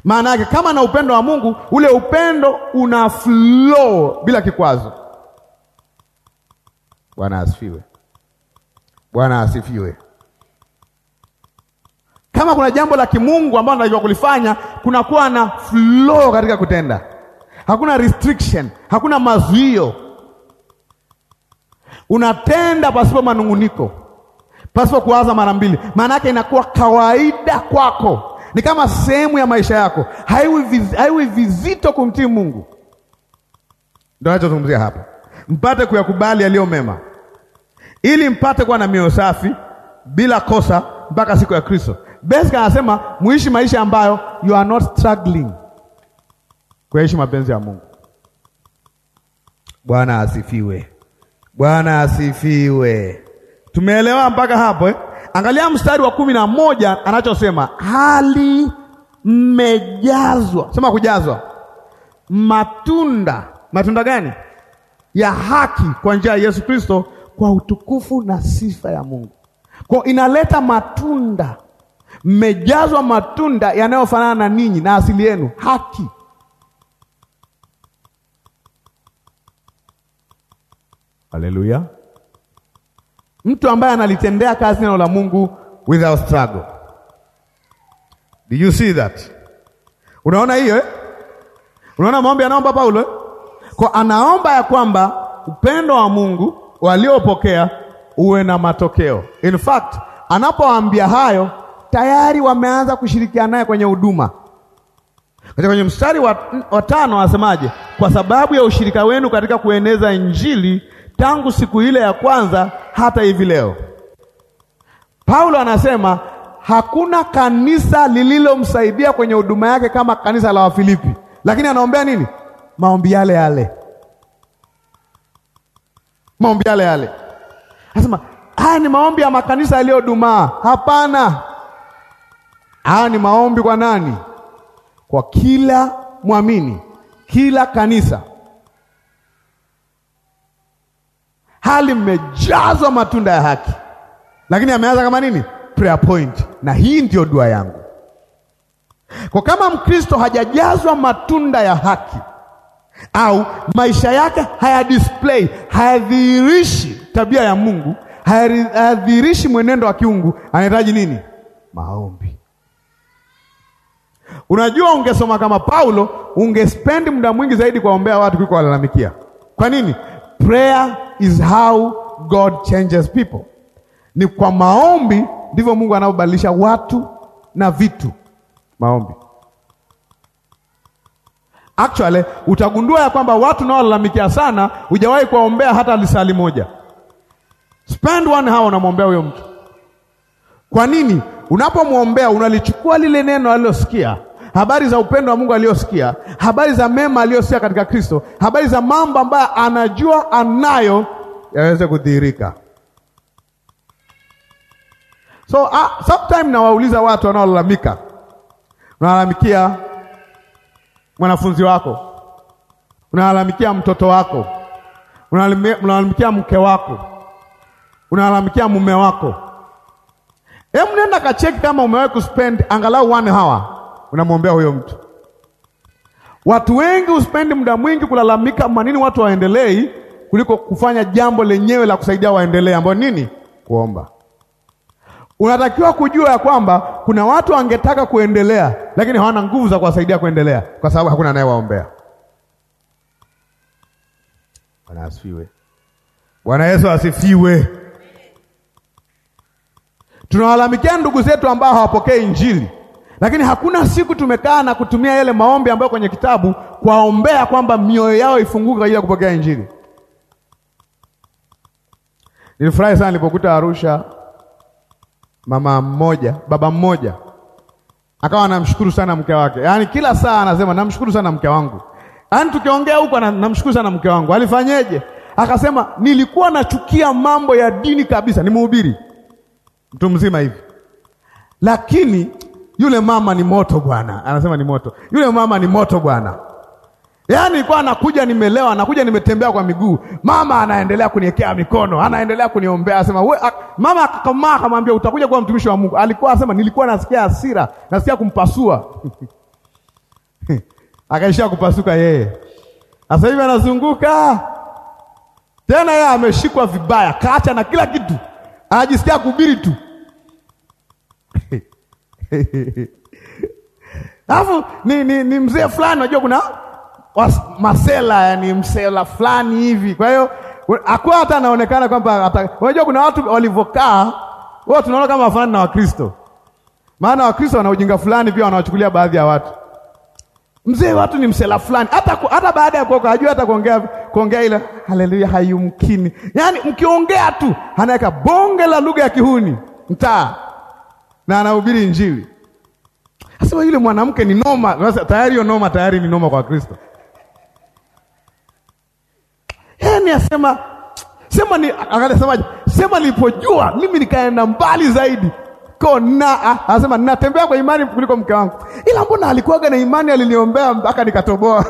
maana yake kama na upendo wa Mungu, ule upendo una flow bila kikwazo. Bwana asifiwe. Bwana asifiwe. Kama kuna jambo la kimungu ambalo unatakiwa kulifanya, kunakuwa na flow katika kutenda, hakuna restriction, hakuna mazuio. Unatenda pasipo manunguniko, pasipo kuwaza mara mbili, maana yake inakuwa kawaida kwako, ni kama sehemu ya maisha yako, haiwi vizito kumtii Mungu. Ndio anachozungumzia hapa, mpate kuyakubali yaliyo mema, ili mpate kuwa na mioyo safi bila kosa mpaka siku ya Kristo basi anasema muishi maisha ambayo you are not struggling kuishi mapenzi ya Mungu. Bwana asifiwe. Bwana asifiwe. Tumeelewa mpaka hapo eh? Angalia mstari wa kumi na moja anachosema hali mmejazwa, sema kujazwa matunda. Matunda gani? Ya haki kwa njia ya Yesu Kristo, kwa utukufu na sifa ya Mungu. Kwa inaleta matunda mmejazwa matunda yanayofanana na ninyi na asili yenu, haki. Haleluya! Mtu ambaye analitendea kazi neno la Mungu without struggle. Did you see that? Unaona hiyo eh? Unaona maombi anaomba Paulo eh? Kwa anaomba ya kwamba upendo wa Mungu waliopokea uwe na matokeo. In fact, anapoambia hayo tayari wameanza kushirikiana naye kwenye huduma. Katika kwenye mstari wa tano anasemaje? Kwa sababu ya ushirika wenu katika kueneza Injili tangu siku ile ya kwanza hata hivi leo. Paulo anasema hakuna kanisa lililomsaidia kwenye huduma yake kama kanisa la Wafilipi, lakini anaombea nini? Maombi yale yale, maombi yale yale. Anasema haya ni maombi ya makanisa yaliyodumaa? Hapana. Haya ni maombi kwa nani? Kwa kila mwamini, kila kanisa. Hali mmejazwa matunda ya haki, lakini ameanza kama nini? Prayer point. Na hii ndiyo dua yangu. Kwa kama Mkristo hajajazwa matunda ya haki au maisha yake haya display hayadhihirishi tabia ya Mungu, hayadhihirishi mwenendo wa kiungu, anahitaji nini? Maombi. Unajua, ungesoma kama Paulo ungespendi muda mwingi zaidi kuwaombea watu kuliko walalamikia. Kwa nini? Prayer is how God changes people. Ni kwa maombi ndivyo Mungu anavyobadilisha watu na vitu. Maombi actually, utagundua ya kwamba watu naolalamikia sana, hujawahi kuwaombea hata lisali moja. Spend one hour unamwombea huyo mtu. Kwa nini? Unapomwombea unalichukua lile neno alilosikia, habari za upendo wa Mungu aliyosikia, habari za mema aliyosikia katika Kristo, habari za mambo ambayo anajua anayo, yaweze kudhihirika. So uh, nawauliza watu wanaolalamika, unalalamikia mwanafunzi wako, unalalamikia mtoto wako, unalalamikia mke wako, unalalamikia mume wako Hebu nenda kacheki kama umewahi kuspend angalau one hour unamwombea huyo mtu. Watu wengi uspendi muda mwingi kulalamika, manini watu waendelei, kuliko kufanya jambo lenyewe la kusaidia waendelee, ambayo nini? Kuomba. Unatakiwa kujua ya kwamba kuna watu wangetaka kuendelea, lakini hawana nguvu za kuwasaidia kuendelea, kwa sababu hakuna anayewaombea. Bwana asifiwe. Bwana Yesu asifiwe tunawalamikia ndugu zetu ambao hawapokei Injili, lakini hakuna siku tumekaa na kutumia yale maombi ambayo kwenye kitabu kuwaombea kwamba mioyo yao ifunguke kwa ajili ya kupokea Injili. Nilifurahi sana nilipokuta Arusha mama mmoja, baba mmoja akawa anamshukuru sana mke wake, yaani kila saa anasema namshukuru sana mke wangu, yaani tukiongea huko namshukuru sana mke wangu. Alifanyeje? Akasema nilikuwa nachukia mambo ya dini kabisa, nimuhubiri mtu mzima hivi, lakini yule mama ni moto bwana, anasema ni moto. Yule mama ni moto bwana, yaani kwa anakuja nimelewa, anakuja nimetembea kwa miguu, mama anaendelea kuniwekea mikono, anaendelea kuniombea, asema we, mama akakamaa, akamwambia, utakuja kuwa mtumishi wa Mungu. Alikuwa asema nilikuwa nasikia hasira, nasikia kumpasua akaishia kupasuka yeye. Sasa hivi anazunguka tena, yeye ameshikwa vibaya, kaacha na kila kitu anajisikia kuhubiri tu alafu ni, ni, ni mzee fulani, unajua kuna was, masela yani msela fulani hivi, kwa hiyo akuwa hata anaonekana kwamba, unajua kuna watu walivyokaa wao, tunaona kama wafanani na Wakristo, maana Wakristo wana ujinga fulani pia wanawachukulia baadhi ya watu Mzee watu ni msela fulani, hata hata baada ya kuoka hajui hata kuongea kuongea ile haleluya, hayumkini. Yaani mkiongea tu anaweka bonge la lugha ya kihuni mtaa, na anahubiri Injili. Sasa yule mwanamke ni noma. Sasa tayari hiyo noma tayari ni noma kwa Kristo. Yaani asema sema ni angasemaje? Sema nilipojua mimi nikaenda mbali zaidi kona, ah, anasema natembea kwa imani kuliko mke wangu, ila mbona alikuwaga na imani, aliniombea mpaka nikatoboa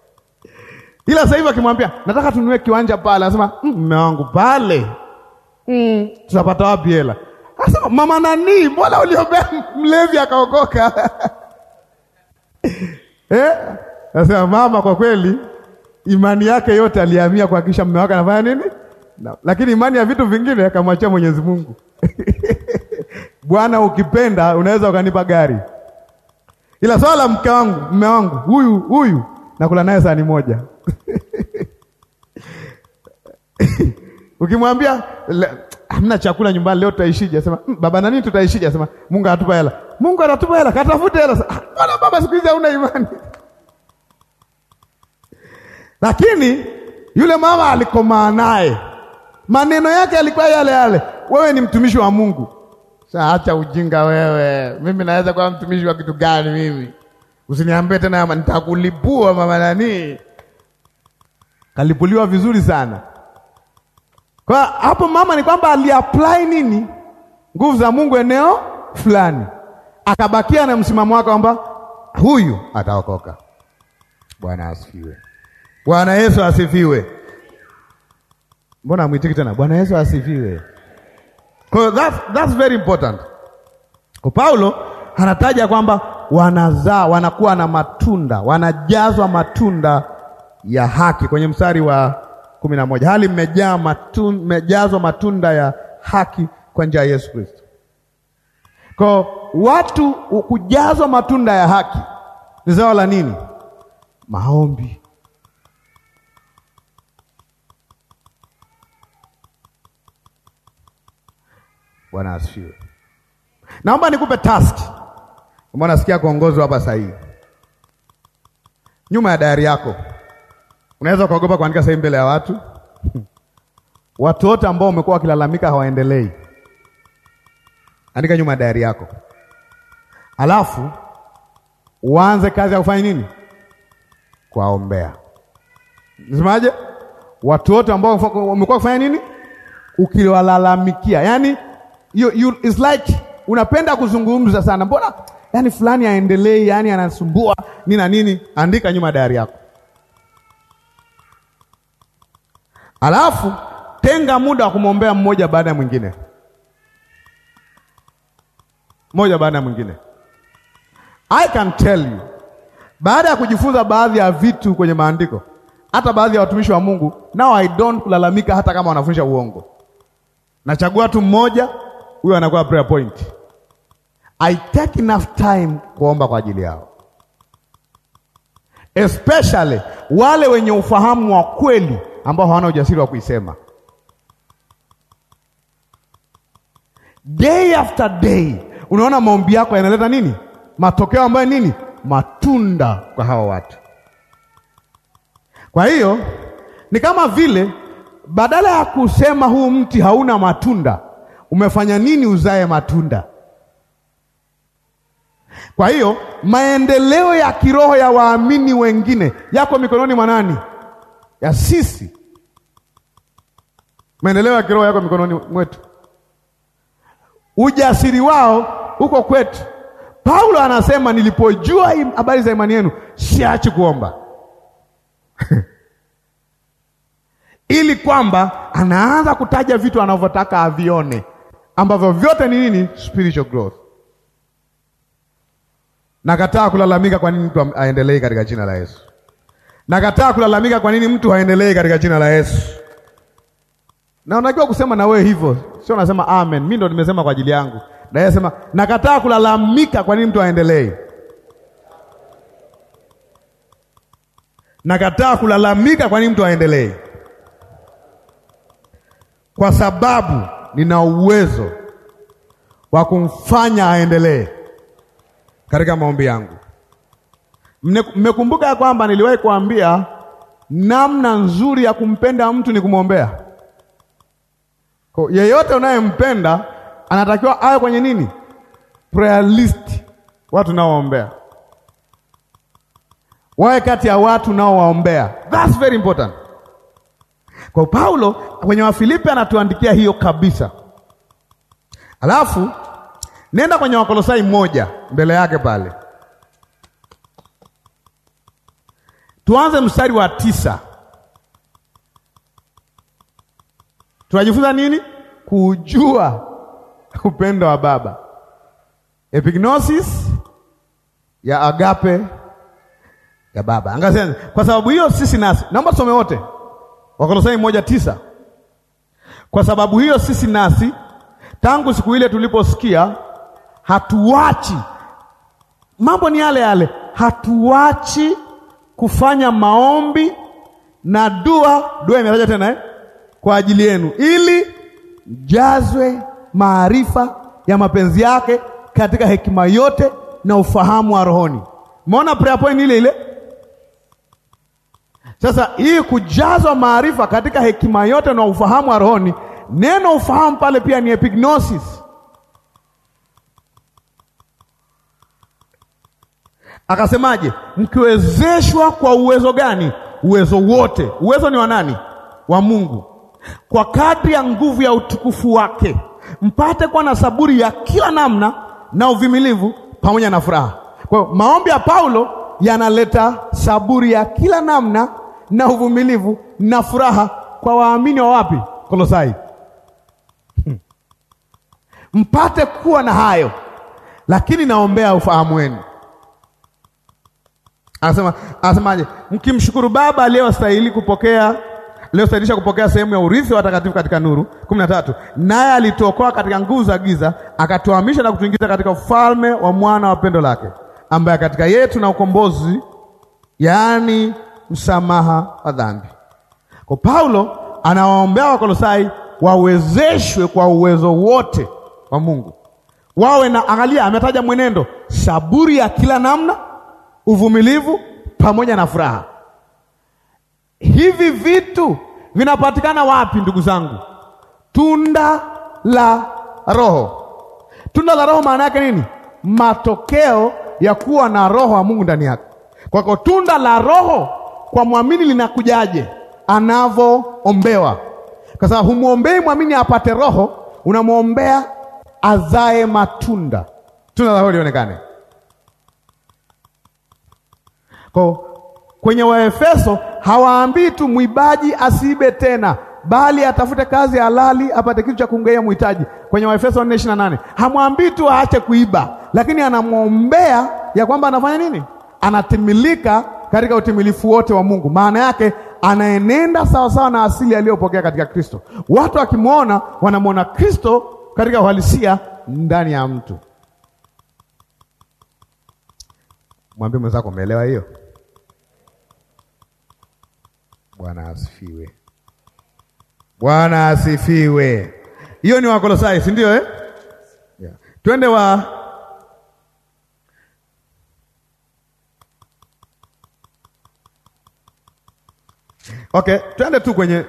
ila sasa hivi akimwambia nataka tununue kiwanja pale, anasema mm, mume wangu pale, mm, tutapata wapi hela? Anasema mama nani, mbona uliombea mlevi akaokoka? Eh, anasema mama, kwa kweli imani yake yote alihamia kuhakikisha mume wake anafanya nini, lakini imani ya vitu vingine akamwachia Mwenyezi Mungu Bwana, ukipenda unaweza ukanipa gari, ila swala mke wangu, mme wangu huyu huyu nakula naye sahani moja ukimwambia hamna chakula nyumbani leo, tutaishije? Sema mm, baba na nini tutaishije? Sema Mungu atupa hela. Mungu anatupa hela, katafute hela. Ah, ana baba siku hizi hauna imani? Lakini yule mama alikomaa naye, maneno yake yalikuwa yale yale, wewe ni mtumishi wa Mungu, sasa acha ujinga wewe, mimi naweza kuwa mtumishi wa kitu gani mimi? Usiniambie tena nitakulipua mama nani. Kalipuliwa vizuri sana. Kwa hapo mama ni kwamba aliapply nini nguvu za Mungu eneo fulani, akabakia na msimamo wake kwamba huyu ataokoka. Bwana asifiwe. Bwana Yesu asifiwe. Mbona mwitiki tena Bwana Yesu asifiwe? Kwa hiyo that's, that's very important. Kwa Paulo anataja kwamba wanazaa, wanakuwa na matunda, wanajazwa matunda ya haki kwenye mstari wa kumi na moja hali mmejaa matun, mmejazwa matunda ya haki kwa njia ya Yesu Kristo. Kwa watu kujazwa matunda ya haki ni zao la nini? Maombi, Bwana asifiwe. Naomba nikupe task. Umeona nasikia kuongozwa hapa sasa hivi. Nyuma ya dayari yako unaweza kuogopa kuandika sasa mbele ya watu watu wote ambao umekuwa wakilalamika hawaendelei, andika nyuma ya dayari yako, alafu uanze kazi ya kufanya nini? Kuwaombea. Nisemaje? watu wote ambao umekuwa kufanya nini ukiwalalamikia, yaani you, you, it's like unapenda kuzungumza sana, mbona yani fulani aendelee, yani anasumbua na nini? Andika nyuma diary yako, alafu tenga muda wa kumwombea mmoja baada ya mwingine, mmoja baada ya mwingine. I can tell you, baada ya kujifunza baadhi ya vitu kwenye maandiko, hata baadhi ya watumishi wa Mungu nao I don't kulalamika, hata kama wanafundisha uongo. Nachagua tu mmoja huyo anakuwa prayer point. I take enough time kuomba kwa ajili yao, especially wale wenye ufahamu wa kweli ambao hawana ujasiri wa kuisema. Day after day unaona maombi yako yanaleta nini? Matokeo ambayo nini? Matunda kwa hawa watu. Kwa hiyo ni kama vile badala ya kusema huu mti hauna matunda umefanya nini uzae matunda? Kwa hiyo maendeleo ya kiroho ya waamini wengine yako mikononi mwa nani? Ya sisi. Maendeleo ya kiroho yako mikononi mwetu, ujasiri wao uko kwetu. Paulo anasema nilipojua habari za imani yenu siachi kuomba ili kwamba anaanza kutaja vitu anavyotaka avione ambavyo vyote ni nini? Spiritual growth. Nakataa kulalamika kwa nini mtu aendelee katika jina la Yesu. Nakataa kulalamika kwa nini mtu aendelee katika jina la Yesu. Na unajua kusema na wewe hivyo, sio unasema amen. Mimi ndo nimesema kwa ajili yangu. Na yeye sema nakataa kulalamika kwa nini mtu aendelee. Nakataa kulalamika kwa nini mtu aendelee. Kwa sababu nina uwezo wa kumfanya aendelee katika maombi yangu. Mmekumbuka ya kwamba niliwahi kuambia namna nzuri ya kumpenda mtu ni kumwombea. yeyote unayempenda anatakiwa awe kwenye nini? Prayer list, watu naoombea wawe kati ya watu naowaombea. That's very important. Kwa Paulo kwenye Wafilipi anatuandikia hiyo kabisa, alafu nenda kwenye Wakolosai moja mbele yake pale, tuanze mstari wa tisa. Tunajifunza nini? Kujua upendo wa Baba, epignosis ya agape ya Baba. Angalia, kwa sababu hiyo sisi nasi, naomba tusome wote Wakolosai moja tisa. Kwa sababu hiyo sisi nasi tangu siku ile tuliposikia hatuwachi mambo ni yale yale, hatuwachi kufanya maombi na dua. Dua imetaja tena eh, kwa ajili yenu, ili mjazwe maarifa ya mapenzi yake katika hekima yote na ufahamu wa rohoni. maona prayer point ile ile sasa hii kujazwa maarifa katika hekima yote na ufahamu wa rohoni, neno ufahamu pale pia ni epignosis. Akasemaje? mkiwezeshwa kwa uwezo gani? Uwezo wote. Uwezo ni wa nani? Wa Mungu, kwa kadri ya nguvu ya utukufu wake, mpate kuwa na saburi ya kila namna na uvimilivu pamoja na furaha. Kwa hiyo maombi ya Paulo yanaleta saburi ya kila namna na uvumilivu na furaha kwa waamini wa wapi? Kolosai. Hmm. Mpate kuwa na hayo, lakini naombea ufahamu wenu. Anasema, anasemaje? Mkimshukuru Baba aliyewastahili kupokea aliyostahilisha kupokea sehemu ya urithi wa watakatifu katika nuru. kumi na tatu. Naye alituokoa katika nguvu za giza, akatuhamisha na kutuingiza katika ufalme wa mwana wa pendo lake, ambaye katika yetu na ukombozi, yaani msamaha wa dhambi. Kwa Paulo anawaombea Wakolosai wawezeshwe kwa uwezo wote wa Mungu, wawe na, angalia, ametaja mwenendo, saburi ya kila namna, uvumilivu pamoja na furaha. Hivi vitu vinapatikana wapi, ndugu zangu? Tunda la Roho. Tunda la Roho maana yake nini? Matokeo ya kuwa na Roho wa Mungu ndani yako. Kwako tunda la Roho kwa mwamini linakujaje? anavoombewa Kwa sababu humwombei mwamini apate roho, unamwombea azae matunda, tunda la Roho lionekane. Kwa kwenye Waefeso hawaambii tu mwibaji asiibe tena, bali atafute kazi halali apate kitu cha kumgawia mhitaji. Kwenye Waefeso 4:28 hamwambii tu aache kuiba, lakini anamwombea ya kwamba anafanya nini, anatimilika katika utimilifu wote wa Mungu. Maana yake anaenenda sawasawa na asili aliyopokea katika Kristo. Watu akimwona wanamwona Kristo katika uhalisia ndani ya mtu. Mwambie mwenzako, umeelewa hiyo? Bwana asifiwe. Bwana asifiwe. Hiyo ni Wakolosai, si ndio eh? Yeah. Twende wa Okay, tuende tu kwenye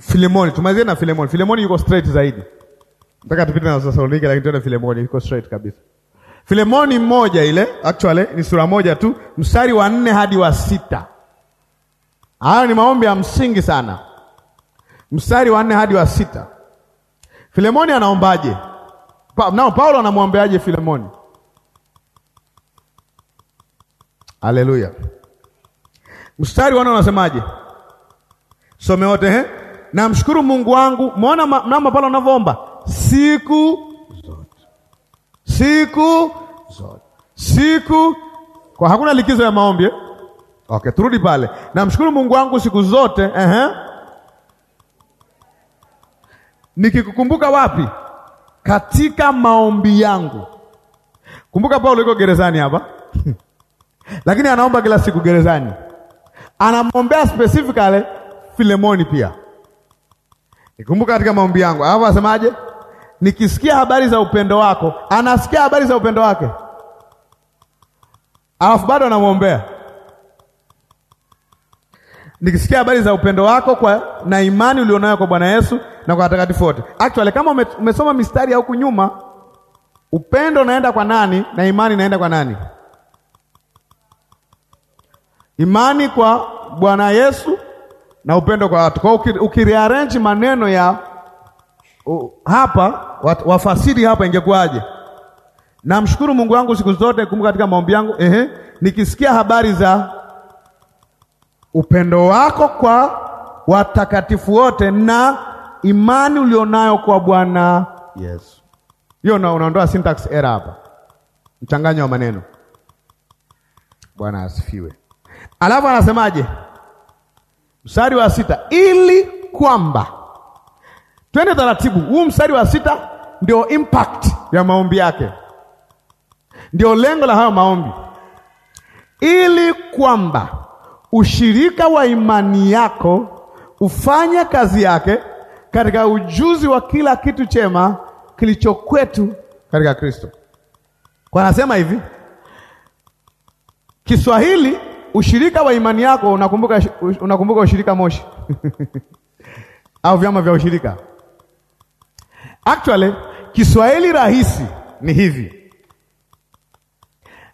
Filemoni, tumalizie na Filemoni. Filemoni yuko straight zaidi, nataka tupite na Thesalonike, lakini tuende Filemoni, yuko straight kabisa. Filemoni moja ile actually ni sura moja tu mstari wa nne hadi wa sita. Haya ni maombi ya msingi sana, mstari wa nne hadi wa sita. Filemoni anaombaje? Pa, nao Paulo anamwombeaje Filemoni? Hallelujah mstari wana unasemaje? Some wote eh? Namshukuru Mungu wangu, muona mnamo pale unavyoomba siku zote, siku zote, siku kwa hakuna likizo ya maombi eh? Okay, turudi pale. Namshukuru Mungu wangu siku zote eh? Nikikukumbuka wapi? Katika maombi yangu. Kumbuka Paulo yuko gerezani hapa lakini anaomba kila siku gerezani anamwombea specifically Filemoni pia. Nikumbuka katika maombi yangu, alafu asemaje? Nikisikia habari za upendo wako, anasikia habari za upendo wake, alafu bado anamwombea. Nikisikia habari za upendo wako kwa na imani ulionayo kwa Bwana Yesu na kwa watakatifu wote. Actually, kama umesoma mistari ya huku nyuma, upendo unaenda kwa nani na imani inaenda kwa nani? imani kwa Bwana Yesu na upendo kwa watu. Kwa ukirearrange maneno ya uh, hapa wafasiri hapa ingekuwaje? Namshukuru Mungu wangu siku zote, kumbuka katika maombi yangu, ehe, nikisikia habari za upendo wako kwa watakatifu wote na imani ulionayo kwa Bwana Yesu. Hiyo na unaondoa syntax error hapa, mchanganyo wa maneno. Bwana asifiwe. Alafu anasemaje? Mstari wa sita, ili kwamba twende taratibu. Huu mstari wa sita ndio impact ya maombi yake, ndio lengo la hayo maombi, ili kwamba ushirika wa imani yako ufanye kazi yake katika ujuzi wa kila kitu chema kilicho kwetu katika Kristo. Kwa anasema hivi Kiswahili ushirika wa imani yako unakumbuka, unakumbuka ushirika Moshi au vyama vya ushirika. Actually, Kiswahili rahisi ni hivi,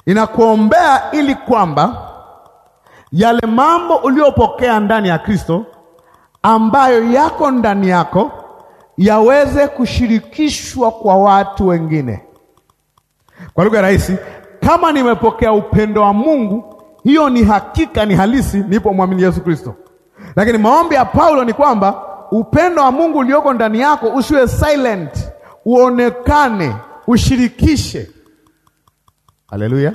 inakuombea ili kwamba yale mambo uliyopokea ndani ya Kristo ambayo yako ndani yako yaweze kushirikishwa kwa watu wengine. Kwa lugha rahisi, kama nimepokea upendo wa Mungu hiyo ni hakika, ni halisi nipo mwamini Yesu Kristo. Lakini maombi ya Paulo ni kwamba upendo wa Mungu ulioko ndani yako usiwe silent, uonekane, ushirikishe. Haleluya!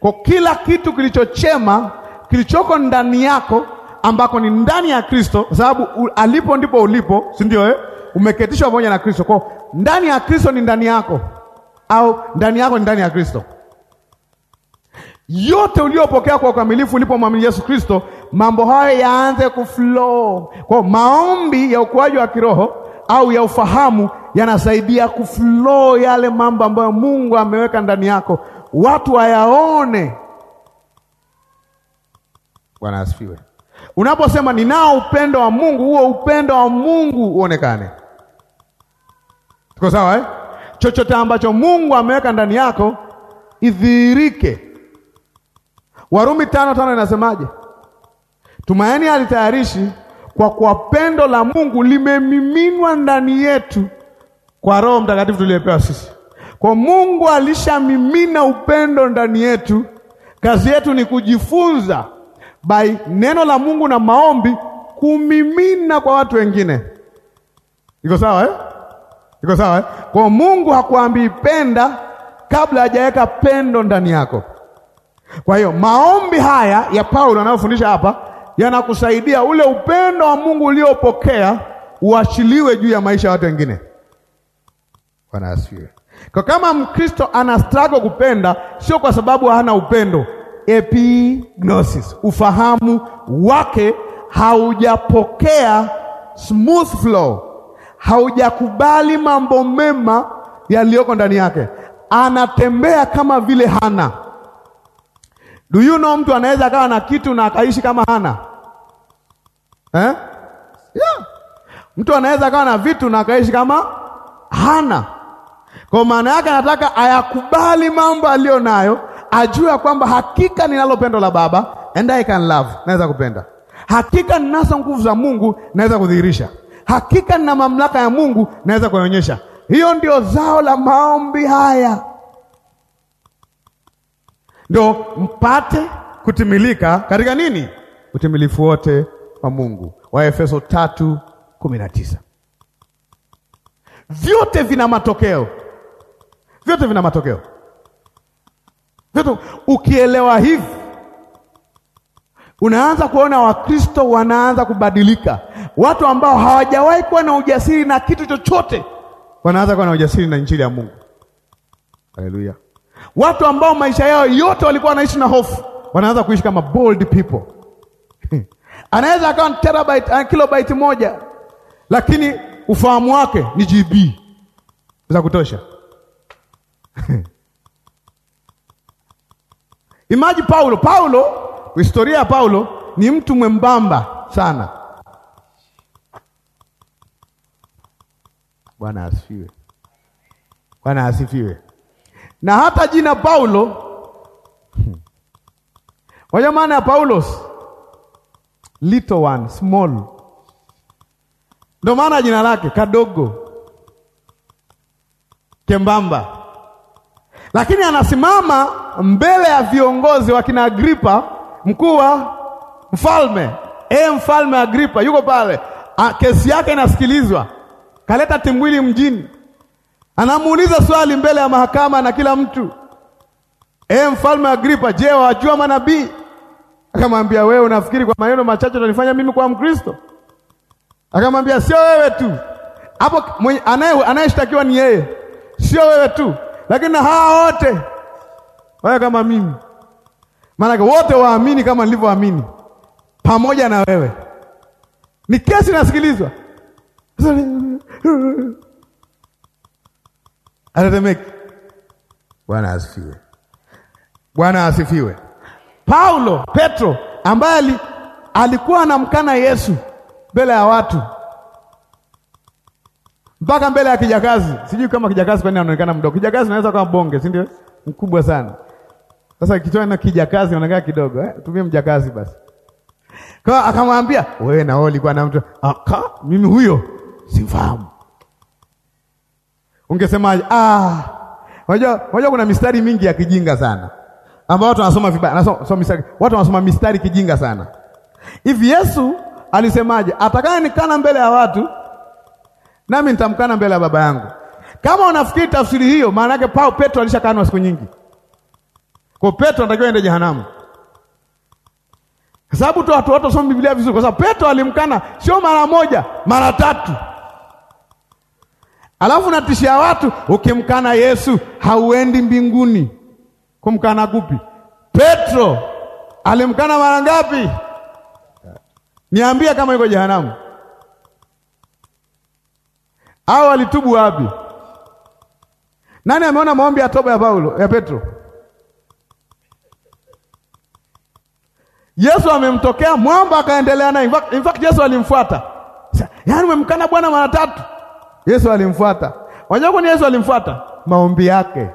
Kwa kila kitu kilichochema kilichoko ndani yako ambako ni ndani ya Kristo, kwa sababu alipo ndipo ulipo, si ndio eh? Umeketishwa pamoja na Kristo. Kwa ndani ya Kristo ni ndani yako, au ndani yako ni ndani ya Kristo yote uliopokea kwa ukamilifu ulipomwamini Yesu Kristo, mambo hayo yaanze kuflow. Kwa maombi ya ukuaji wa kiroho au ya ufahamu yanasaidia kuflow yale mambo ambayo Mungu ameweka ndani yako, watu wayaone. Bwana asifiwe. Unaposema ninao upendo wa Mungu, huo upendo wa Mungu uonekane. Tuko sawa eh? Chochote ambacho Mungu ameweka ndani yako idhihirike. Warumi tano tano inasemaje? Tumaini alitayarishi kwa kuwa pendo la Mungu limemiminwa ndani yetu kwa Roho Mtakatifu tuliyepewa sisi. Kwa Mungu alishamimina upendo ndani yetu. Kazi yetu ni kujifunza by neno la Mungu na maombi kumimina kwa watu wengine. Iko sawa eh? Iko sawa eh? Kwa Mungu hakuambii penda kabla hajaweka pendo ndani yako. Kwa hiyo maombi haya ya Paulo anayofundisha hapa yanakusaidia ule upendo wa Mungu uliopokea uachiliwe juu ya maisha ya watu wengine. Bwana asifiwe. Kwa kama Mkristo ana struggle kupenda, sio kwa sababu hana upendo, epignosis, ufahamu wake haujapokea smooth flow, haujakubali mambo mema yaliyoko ndani yake, anatembea kama vile hana Do you know mtu anaweza akawa na kitu na akaishi kama hana eh? Yeah. Mtu anaweza akawa na vitu na akaishi kama hana. Kwa maana yake anataka ayakubali mambo aliyo nayo, ajue kwamba hakika ninalo pendo la Baba and I can love, naweza kupenda. Hakika ninazo nguvu za Mungu, naweza kudhihirisha. Hakika nina mamlaka ya Mungu, naweza kuonyesha. Hiyo ndio zao la maombi haya ndio mpate kutimilika katika nini? Utimilifu wote wa Mungu. Waefeso tatu kumi na tisa. Vyote vina matokeo, vyote vina matokeo, vyote. Ukielewa hivi, unaanza kuona Wakristo wanaanza kubadilika. Watu ambao hawajawahi kuwa na ujasiri na kitu chochote wanaanza kuwa na ujasiri na injili ya Mungu. Haleluya! Watu ambao maisha yao yote walikuwa wanaishi na hofu wanaanza kuishi kama bold people anaweza akawa terabyte eh, kilobyte moja, lakini ufahamu wake ni GB za kutosha. Imaji Paulo. Paulo, historia ya Paulo ni mtu mwembamba sana. Bwana asifiwe. Bwana asifiwe na hata jina Paulo waja maana ya Paulos little one small, ndio maana jina lake kadogo kembamba, lakini anasimama mbele ya viongozi wa kina Agripa, mkuu wa mfalme. E, mfalme Agripa yuko pale, kesi yake inasikilizwa, kaleta timbwili mjini Anamuuliza swali mbele ya mahakama na kila mtu, e, mfalme Agripa, je, wajua manabii? Akamwambia, wewe unafikiri kwa maneno machache utanifanya mimi kwa Mkristo? Akamwambia, sio wewe tu hapo, anayeshtakiwa ni yeye, sio wewe tu, lakini na hawa wote wawe kama mimi, maanake wote waamini kama nilivyoamini pamoja na wewe. Ni kesi inasikilizwa anatemeka. Bwana asifiwe, Bwana asifiwe. Paulo Petro ambaye alikuwa anamkana Yesu mbele ya watu mpaka mbele ya kijakazi. Sijui kama kijakazi, kwani anaonekana mdogo? Kijakazi naweza kuwa mbonge, si ndio? Mkubwa sana. Sasa kichwa na kijakazi anaonekana kidogo eh? Tumie mjakazi basi. Kwa akamwambia wewe, na wewe ulikuwa na mtu aka, ah, mimi huyo simfahamu ungesemaje? Ah, unajua unajua, kuna mistari mingi ya kijinga sana ambao watu wanasoma vibaya, nasoma so mistari, watu wanasoma mistari kijinga sana hivi. Yesu alisemaje? nikana mbele ya watu, nami nitamkana mbele ya baba yangu. Kama unafikiri tafsiri hiyo, maana yake Paulo Petro alishakanwa siku nyingi, kwa Petro anatakiwa ende jehanamu sababu tu watu watu wasome Biblia vizuri, kwa sababu Petro alimkana sio mara moja, mara tatu alafu natishia watu, ukimkana Yesu hauendi mbinguni. Kumkana kupi? Petro alimkana mara ngapi? Niambia kama yuko jehanamu au alitubu wapi? Nani ameona maombi ya toba ya Paulo ya Petro? Yesu amemtokea mwamba akaendelea naye. In fact Yesu alimfuata. Yaani umemkana Bwana mara tatu. Yesu alimfuata. Wajua kwa nini Yesu alimfuata? Maombi yake,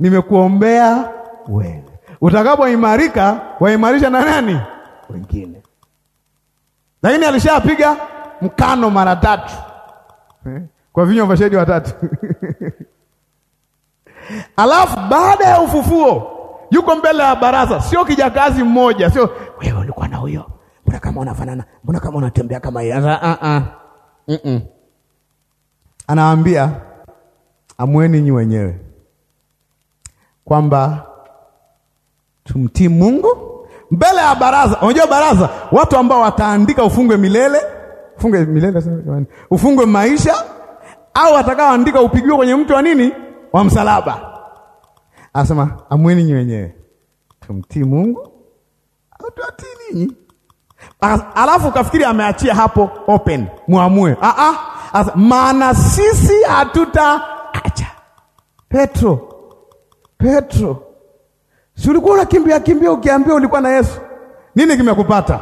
nimekuombea wewe. Utakapoimarika waimarisha na nani wengine, lakini alishapiga mkano mara tatu eh? kwa vinywa vya shahidi watatu. Alafu baada ya ufufuo yuko mbele ya baraza, sio kijakazi mmoja, sio wewe ulikuwa na huyo, mbona kama unafanana, mbona kama unatembea kama yeye. Ah, ah, ah anaambia amueni nyi wenyewe kwamba tumtii Mungu mbele ya baraza. Unajua baraza, watu ambao wataandika ufungwe milele, ufungwe milele, ufungwe maisha, au watakaoandika upigiwe kwenye mtu wa nini, wa msalaba. Anasema amweni nyi wenyewe, tumtii Mungu au tuatii ninyi? Alafu kafikiri ameachia hapo open, muamue. Ah ah maana sisi acha. Petro, Petro, si ulikuwa unakimbia kimbia ukiambia ulikuwa na Yesu, nini kimekupata?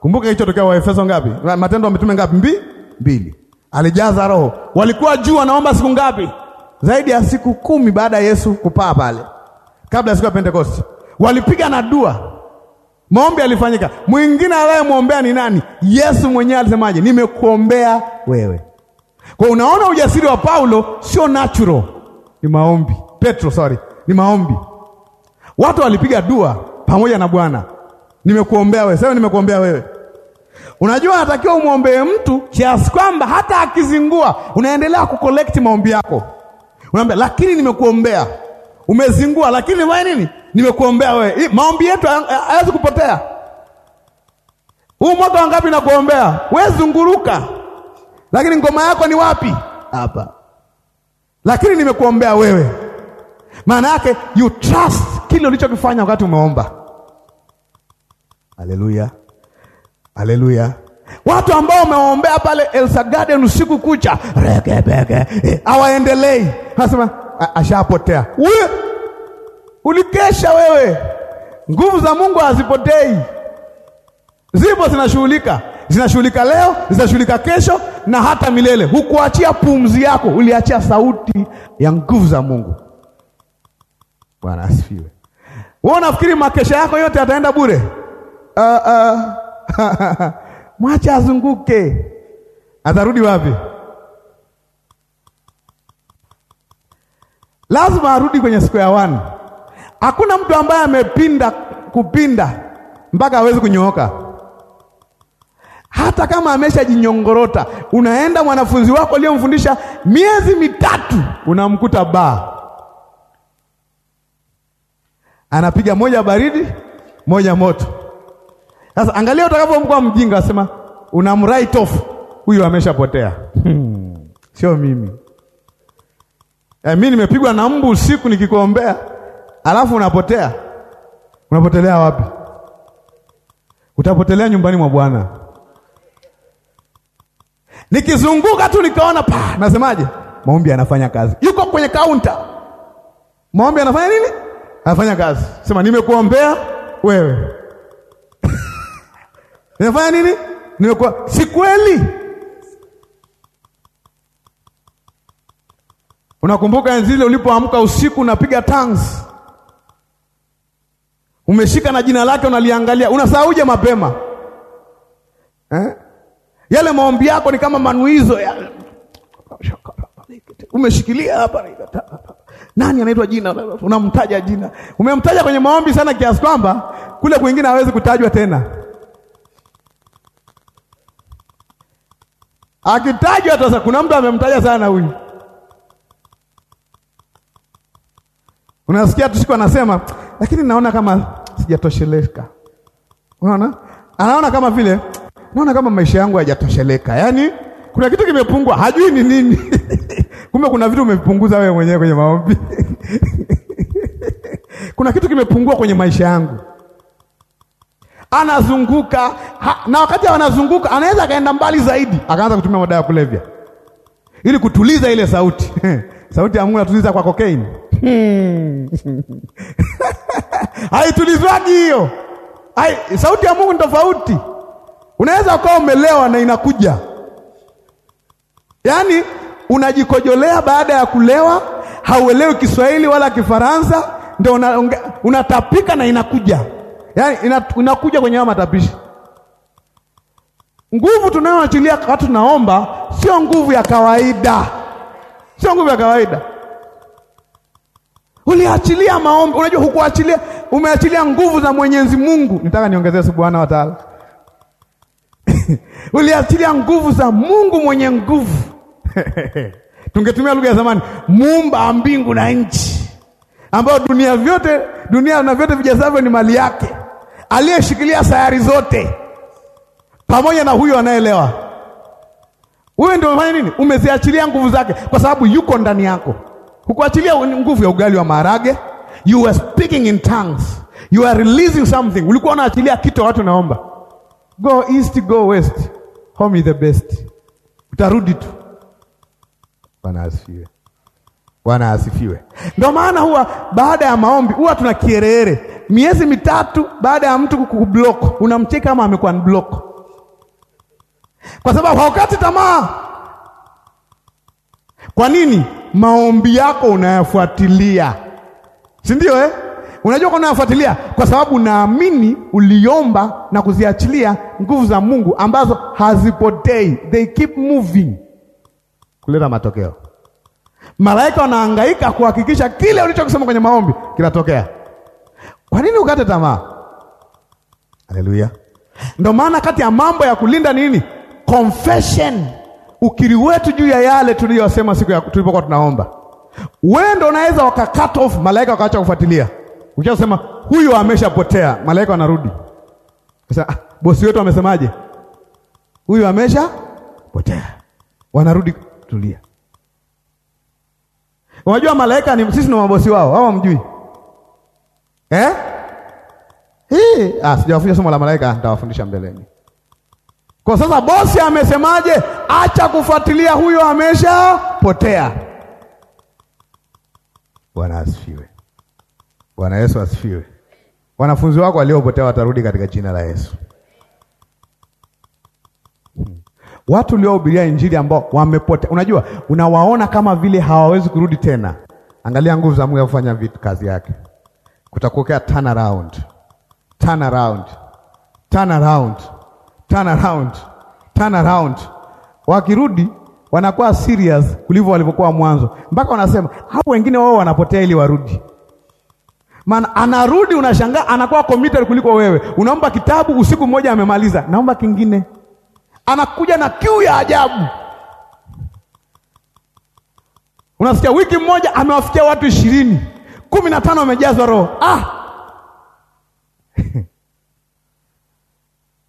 Kumbuka kilichotokea wa Efeso ngapi? Matendo ya Mitume ngapi? Mbili, mbili, alijaza Roho. Walikuwa juu wanaomba siku ngapi? Zaidi ya siku kumi baada ya Yesu kupaa pale, kabla ya siku ya Pentekoste walipiga na dua, maombi alifanyika Mwingine anayemwombea ni nani? Yesu mwenyewe alisemaje? Nimekuombea wewe. Kwa unaona ujasiri wa Paulo sio natural, ni maombi. Petro, sorry, ni maombi. Watu walipiga dua pamoja na Bwana, nimekuombea wewe, sema nimekuombea wewe. Unajua, natakiwa umwombee mtu kiasi kwamba hata akizingua unaendelea kukolekti maombi yako, unaambia lakini nimekuombea. Umezingua, lakini wewe nini? Nimekuombea wewe. Maombi yetu hayawezi kupotea. Huu mwaka wangapi nakuombea wewe, zunguruka lakini ngoma yako ni wapi? Hapa. Lakini nimekuombea wewe. Maana yake you trust kile ulichokifanya wakati umeomba. Haleluya, haleluya. Watu ambao umeombea pale Elsa Garden usiku kucha rekebeke, eh, hawaendelei anasema ashapotea. Wewe ulikesha wewe, nguvu za Mungu hazipotei, zipo zinashughulika zinashughulika leo, zinashughulika kesho na hata milele. Hukuachia pumzi yako, uliachia sauti ya nguvu za Mungu. Bwana asifiwe. Wewe unafikiri makesha yako yote yataenda bure? Uh, ah, ah. uh, mwacha azunguke, atarudi wapi? Lazima arudi kwenye square one. Hakuna mtu ambaye amepinda kupinda mpaka awezi kunyooka hata kama ameshajinyongorota. Unaenda mwanafunzi wako aliyomfundisha miezi mitatu, unamkuta baa, anapiga moja baridi moja moto. Sasa angalia utakapomkuwa mjinga, asema unamwrite off, huyu ameshapotea. Hmm, sio mimi. E, eh, mi nimepigwa na mbu usiku nikikuombea, alafu unapotea. Unapotelea wapi? Utapotelea nyumbani mwa Bwana nikizunguka tu nikaona pa, nasemaje, maombi anafanya kazi. Yuko kwenye kaunta, maombi anafanya nini? Anafanya kazi. Sema nimekuombea wewe nimefanya nini? Nimekuwa si kweli. Unakumbuka enzi ile ulipoamka usiku unapiga tangs, umeshika na jina lake unaliangalia, unasahauje mapema eh? Yale maombi yako ni kama manuizo ya umeshikilia hapa. Nani anaitwa jina, unamtaja jina, umemtaja kwenye maombi sana kiasi kwamba kule kwingine hawezi kutajwa tena. Akitajwa sasa, kuna mtu amemtaja sana huyu. Unasikia tu siku anasema, lakini naona kama sijatosheleka. Unaona, anaona kama vile naona kama maisha yangu hayajatosheleka, yaani kuna kitu kimepungua, hajui ni nini. Kumbe kuna vitu umevipunguza wewe mwenyewe kwenye maombi kuna kitu kimepungua kwenye maisha yangu. Anazunguka ha, na wakati anazunguka anaweza akaenda mbali zaidi, akaanza kutumia madawa ya kulevya ili kutuliza ile sauti sauti ya Mungu natuliza kwa kokaini haitulizwaji hiyo. Sauti ya Mungu ni tofauti. Unaweza ukawa umelewa na inakuja, yaani unajikojolea baada ya kulewa, hauelewi Kiswahili wala Kifaransa, ndio unatapika una na inakuja, yaani ina, inakuja kwenye hayo matapishi. Nguvu tunayoachilia wakati tunaomba sio nguvu ya kawaida, sio nguvu ya kawaida. Uliachilia maombi, unajua hukuachilia, umeachilia nguvu za Mwenyezi Mungu. Nitaka niongezee subhana wa taala uliachilia nguvu za Mungu mwenye nguvu tungetumia lugha ya zamani, muumba wa mbingu na nchi, ambayo dunia vyote dunia na vyote vijazavyo ni mali yake, aliyeshikilia sayari zote pamoja na huyo anaelewa. Wewe ndio umefanya nini? Umeziachilia nguvu zake, kwa sababu yuko ndani yako. Hukuachilia nguvu ya ugali wa maharage. You are speaking in tongues, you are releasing something. Ulikuwa unaachilia kitu, watu naomba go east, go west, home is the best. Utarudi tu. Bwana asifiwe. Bwana asifiwe. Ndio maana huwa baada ya maombi huwa tuna kierere miezi mitatu baada ya mtu kukublock, unamcheka kama amekuwa block, kwa sababu haukati tamaa. Kwa nini? Maombi yako unayafuatilia, si ndio eh? Unajua kwa nafuatilia kwa sababu naamini uliomba na kuziachilia nguvu za Mungu ambazo hazipotei, they keep moving kuleta matokeo. Malaika wanahangaika kuhakikisha kile ulichokisema kwenye maombi kinatokea. Kwa nini ukate tamaa? Haleluya! Ndio maana kati ya mambo ya kulinda nini, confession, ukiri wetu juu ya yale tuliyosema siku ya tulipokuwa tunaomba. Wewe ndio unaweza waka cut off, malaika wakaacha kufuatilia huyo amesha ameshapotea, malaika wanarudi. Sasa ah, bosi wetu amesemaje? Huyu potea wanarudi tulia. Unajua malaika ni sisi, ni mabosi wao, hao mjui eh? Hii ah, sijawafunza somo la malaika, nitawafundisha mbeleni. Kwa sasa bosi amesemaje? Acha kufuatilia, huyo potea Bwana asifiwe. Bwana Yesu asifiwe. Wanafunzi wako waliopotea watarudi katika jina la Yesu. Watu uliohubiria injili ambao wamepotea, unajua, unawaona kama vile hawawezi kurudi tena. Angalia nguvu za Mungu kufanya vitu kazi yake. Kutakokea turn around. Turn around. Turn around. Turn around. Turn around. Wakirudi wanakuwa serious kulivyo walivyokuwa mwanzo, mpaka wanasema hao wengine wao wanapotea ili warudi maana anarudi unashangaa, anakuwa committed kuliko wewe. Unaomba kitabu usiku mmoja amemaliza, naomba kingine, anakuja na kiu ya ajabu. Unasikia wiki mmoja amewafikia watu ishirini, kumi na tano wamejazwa roho. Ah,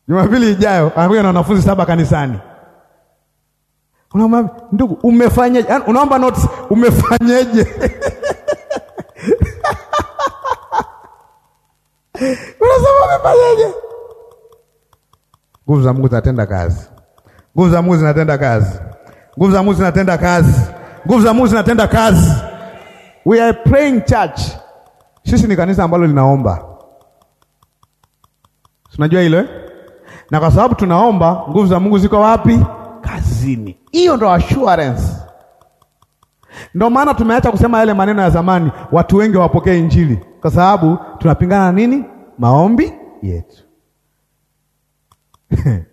Jumapili ijayo anakuja na wanafunzi saba kanisani. Unaomba ndugu, umefanyaje? Yaani, unaomba notes, umefanyeje? unasema umefanyaje? Nguvu za Mungu zinatenda kazi, nguvu za Mungu zinatenda kazi, nguvu za Mungu zinatenda kazi, nguvu za Mungu zinatenda kazi. We are a praying church. Sisi ni kanisa ambalo linaomba, tunajua hilo eh? Na kwa sababu tunaomba, nguvu za Mungu ziko wapi? Kazini. Hiyo ndo assurance. Ndio maana tumeacha kusema yale maneno ya zamani, watu wengi hawapokee Injili kwa sababu tunapingana nini? maombi yetu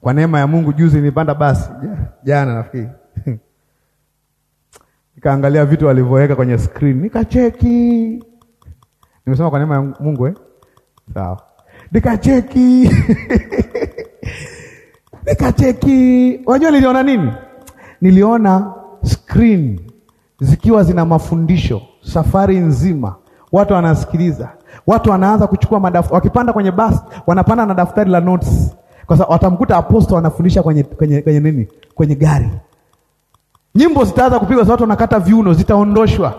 kwa neema ya Mungu. Juzi nilipanda basi jana, nafikiri nikaangalia vitu walivyoweka kwenye screen nikacheki. Nimesema kwa neema ya Mungu eh? Sawa, nikacheki nikacheki. wajua niliona nini? Niliona screen zikiwa zina mafundisho safari nzima watu wanasikiliza, watu wanaanza kuchukua madaf wakipanda kwenye basi wanapanda na daftari la notes, kwa sababu watamkuta apostol anafundisha kwenye, kwenye, kwenye nini, kwenye gari. Nyimbo zitaanza kupigwa, watu wanakata viuno, zitaondoshwa.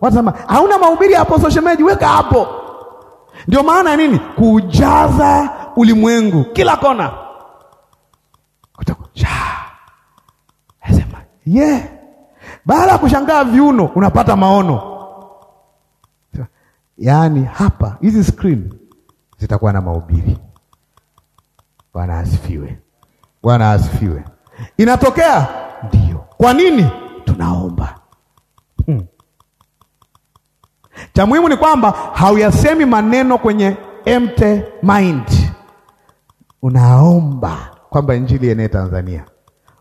Watu sema hauna mahubiri ya apostol shemeji, weka hapo. Ndio maana nini, kujaza ulimwengu kila kona kutakuja ye yeah. Baada ya kushangaa viuno unapata maono Yaani hapa hizi screen zitakuwa na mahubiri. Bwana asifiwe. Bwana asifiwe. Inatokea ndio. Kwa nini tunaomba? Hmm. Cha muhimu ni kwamba hauyasemi maneno kwenye empty mind. Unaomba kwamba injili ienee Tanzania,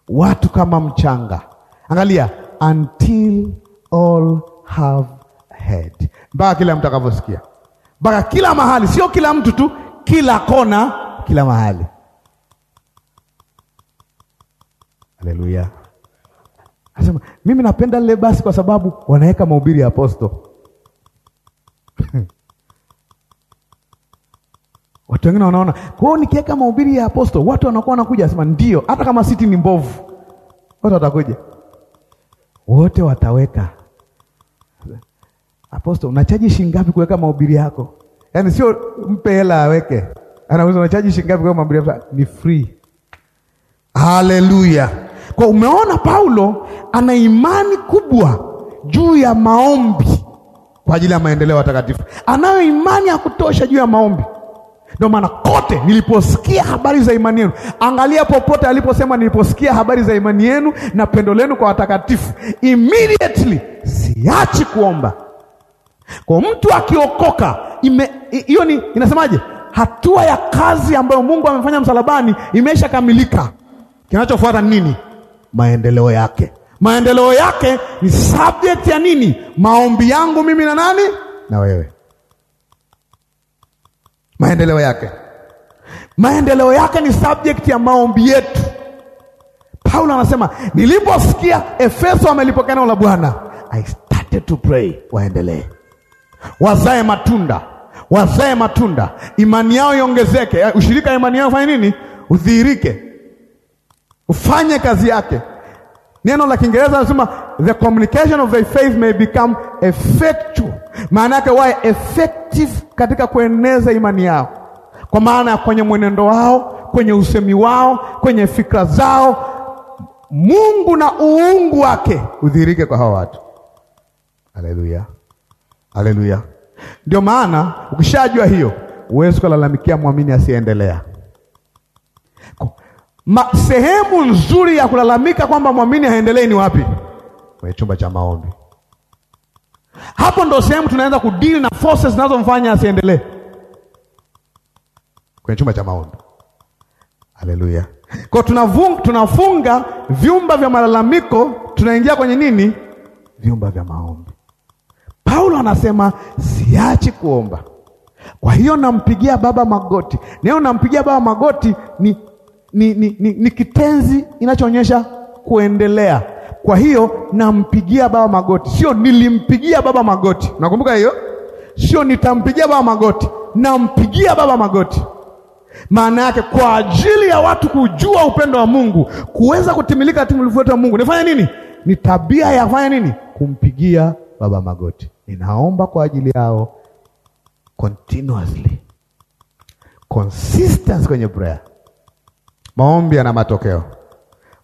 watu kama mchanga. Angalia, until all have heard mpaka kila mtu akavyosikia, mpaka kila mahali, sio kila mtu tu, kila kona, kila mahali. Haleluya! Anasema mimi napenda lile basi kwa sababu wanaweka mahubiri ya aposto watu wengine wanaona, kwao, nikiweka mahubiri ya aposto watu wanakuwa wanakuja. Asema ndio, hata kama siti ni mbovu, watu watakuja, wote wataweka Aposto, unachaji shilingi ngapi kuweka mahubiri yako? Yaani sio mpe hela aweke. Anauza unachaji shilingi ngapi kuweka mahubiri yako? Ni free. Haleluya. Kwa umeona Paulo ana imani kubwa juu ya maombi kwa ajili ya maendeleo ya watakatifu. Anayo imani ya kutosha juu ya maombi. Ndio maana kote niliposikia habari za imani yenu, angalia popote aliposema niliposikia habari za imani yenu na pendo lenu kwa watakatifu, immediately siachi kuomba. Kwa mtu akiokoka, hiyo ni inasemaje? Hatua ya kazi ambayo Mungu amefanya msalabani imeshakamilika. Kinachofuata nini? Maendeleo yake. Maendeleo yake ni subject ya nini? Maombi yangu mimi na nani na wewe. Maendeleo yake, maendeleo yake ni subject ya maombi yetu. Paulo anasema niliposikia Efeso amelipokea neno la Bwana, I started to pray. Waendelee wazae matunda, wazae matunda, imani yao iongezeke, ushirika imani yao fanye nini? Udhihirike, ufanye kazi yake. Neno la Kiingereza nasema the communication of the faith may become effectual, maana yake wawe effective katika kueneza imani yao, kwa maana ya kwenye mwenendo wao, kwenye usemi wao, kwenye fikra zao, Mungu na uungu wake udhihirike kwa hawa watu. Haleluya. Haleluya! Ndio maana ukishajua hiyo huwezi kulalamikia mwamini asiendelea. Ma, sehemu nzuri ya kulalamika kwamba mwamini haendelei ni wapi? Kwenye chumba cha maombi. Hapo ndo sehemu tunaanza kudeal na forces zinazomfanya asiendelee kwenye chumba cha maombi. Haleluya! Kwa tunavunga, tunafunga vyumba vya malalamiko, tunaingia kwenye nini? Vyumba vya maombi. Paulo anasema siachi kuomba, kwa hiyo nampigia Baba magoti. Neno nampigia Baba magoti ni, ni, ni, ni, ni kitenzi inachoonyesha kuendelea. Kwa hiyo nampigia Baba magoti, sio nilimpigia Baba magoti. Nakumbuka hiyo, sio nitampigia Baba magoti, nampigia Baba magoti maana yake kwa ajili ya watu kujua upendo wa Mungu, kuweza kutimilika timilifu wote wa Mungu, nifanye nini? Ni tabia ya fanya nini? Kumpigia Baba magoti ninaomba kwa ajili yao continuously, consistency kwenye prayer. Maombi yana matokeo,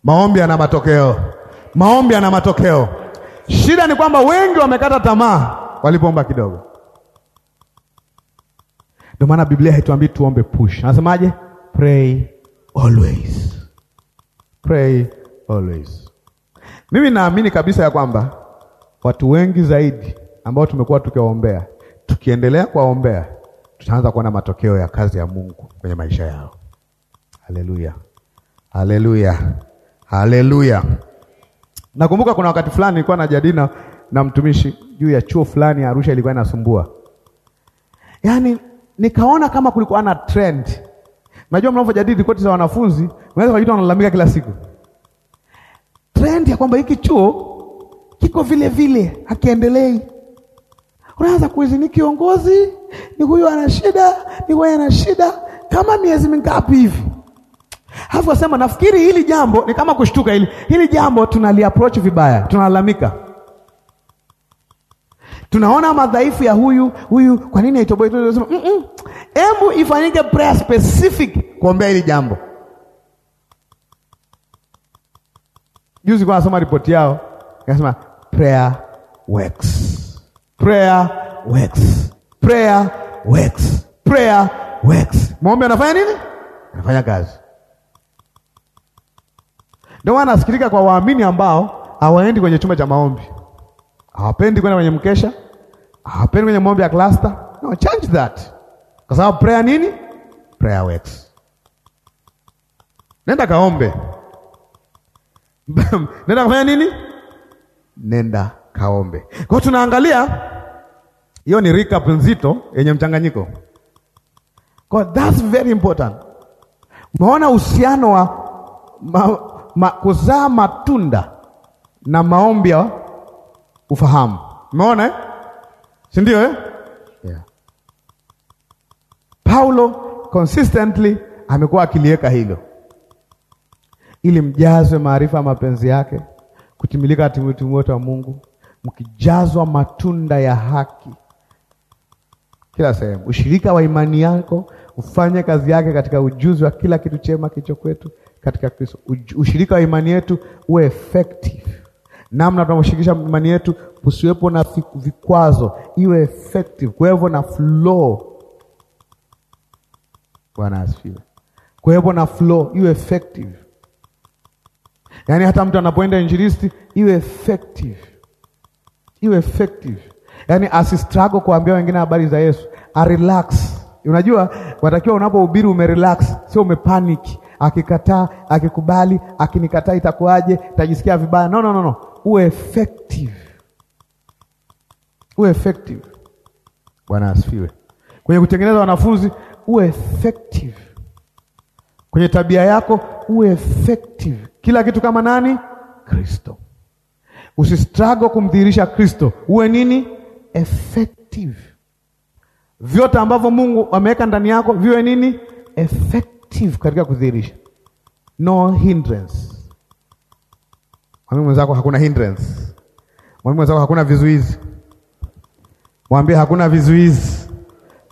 maombi yana matokeo, maombi yana matokeo. Shida ni kwamba wengi wamekata tamaa walipoomba kidogo. Ndio maana Biblia haituambii tuombe push, anasemaje? Pray always, pray always. Mimi naamini kabisa ya kwamba watu wengi zaidi ambao tumekuwa tukiwaombea, tukiendelea kuwaombea tutaanza kuona matokeo ya kazi ya Mungu kwenye maisha yao. Haleluya, haleluya, haleluya. Nakumbuka kuna wakati fulani nilikuwa najadili na mtumishi juu ya chuo fulani Arusha, ilikuwa inasumbua, yaani nikaona kama kulikuwa na trend. Najua mnavyojadili ripoti za wanafunzi, unaweza kujuta wanalalamika kila siku, trend ya kwamba hiki chuo kiko vile vile hakiendelei Unaanza kuizi ni kiongozi, ni huyu ana shida, ni wewe ana shida, kama miezi mingapi hivi. Halafu asema nafikiri hili jambo ni kama kushtuka, hili hili jambo approach vibaya, tunalalamika, tunaona madhaifu ya huyu huyu, kwa nini aitoboi? Tunasema mm -mm. Hebu ifanyike prayer specific kuombea hili jambo. Juzi kwa nasoma ripoti yao, nasema prayer works Prayer works. Prayer works. Prayer works. Mwombe anafanya nini? Anafanya kazi. Ndio maana nasikilika kwa waamini ambao hawaendi kwenye chumba cha maombi, hawapendi kwenda kwenye mkesha, hawapendi kwenye maombi ya cluster. No, change that, kwa sababu prayer nini? Prayer works. Nenda kaombe. Nenda kufanya nini? Nenda kaombe. Kwa hiyo tunaangalia hiyo ni recap nzito yenye mchanganyiko. Kwa that's very important. Umeona uhusiano wa ma, ma, kuzaa matunda na maombi ya ufahamu. Umeona eh? Si ndio eh? Yeah. Paulo consistently amekuwa akiliweka hilo ili mjazwe maarifa ya mapenzi yake kutimilika timotimoto wa Mungu mkijazwa matunda ya haki kila sehemu. Ushirika wa imani yako ufanye kazi yake katika ujuzi wa kila kitu chema kilicho kwetu katika Kristo. Ushirika wa imani yetu uwe effective, namna tunavyoshirikisha imani yetu kusiwepo na vikwazo, iwe effective, kuwepo na flow. Bwana asifiwe. Kuwepo na flow, iwe effective, yaani hata mtu anapoenda injilisti iwe effective iwe effective. Yaani asistruggle kuambia wengine habari za Yesu, a relax. Unajua unatakiwa unapohubiri umerelax, sio umepanic. Akikataa, akikubali, akinikataa itakuwaje? Tajisikia vibaya. No, no, no, no. Uwe effective, uwe effective. Bwana asifiwe. Kwenye kutengeneza wanafunzi uwe effective, kwenye tabia yako uwe effective, kila kitu kama nani? Kristo. Usistruggle kumdhihirisha Kristo, uwe nini effective. Vyote ambavyo Mungu ameweka ndani yako viwe nini effective katika kudhihirisha, no hindrance. Mwambie mwenzako hakuna hindrance. Mwambie mwenzako hakuna vizuizi. Mwambie hakuna vizuizi,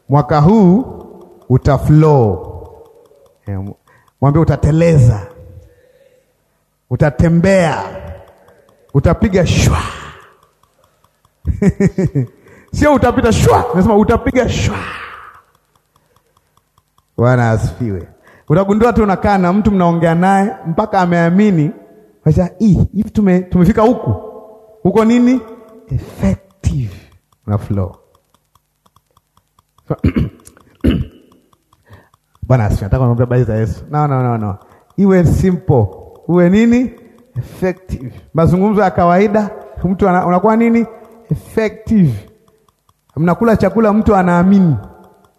mwaka huu utaflow. Eh, mwambie utateleza, utatembea Utapiga shwa sio utapita shwa, nasema utapiga shwa. Bwana asifiwe. Utagundua tu unakaa na mtu mnaongea naye mpaka ameamini, acha hivi, tume tumefika huku huko nini, effective na flow Bwana asifiwe. Nataka kuambia habari za Yesu. No, no, no, no, iwe simple, uwe nini effective. Mazungumzo ya kawaida mtu ana, unakuwa nini effective. Mnakula chakula mtu anaamini,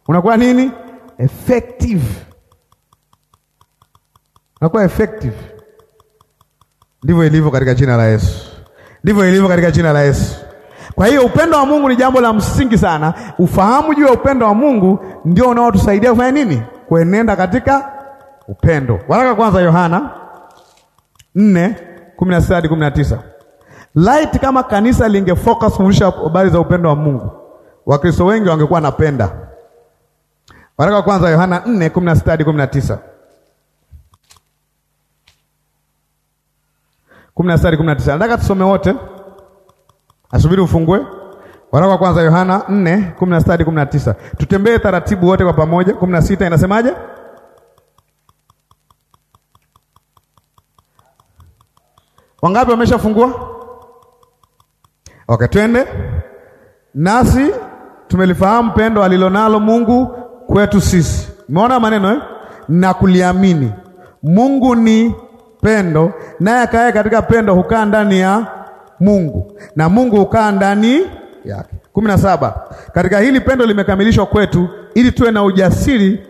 unakuwa nini effective, unakuwa effective. Ndivyo ilivyo katika jina la Yesu, ndivyo ilivyo katika jina la Yesu. Kwa hiyo upendo wa Mungu ni jambo la msingi sana. Ufahamu juu ya upendo wa Mungu ndio unaotusaidia kufanya nini? Kuenenda katika upendo. Waraka kwanza Yohana nne 19 Light kama kanisa lingefocus kufundisha habari za upendo wa Mungu, Wakristo wengi wangekuwa napenda. Waraka wa kwanza Yohana 4:16 hadi 19. 16 hadi tisa. Nataka tusome wote. Asubiri ufungue. Waraka wa kwanza Yohana nne 4:16 hadi tisa. Tutembee taratibu wote kwa pamoja. 16 inasemaje? Wangapi wameshafungua? Okay, twende nasi tumelifahamu pendo alilonalo Mungu kwetu sisi. Umeona maneno eh? na kuliamini. Mungu ni pendo, naye akae katika pendo hukaa ndani ya Mungu na Mungu hukaa ndani yake. kumi na saba. Katika hili pendo limekamilishwa kwetu, ili tuwe na ujasiri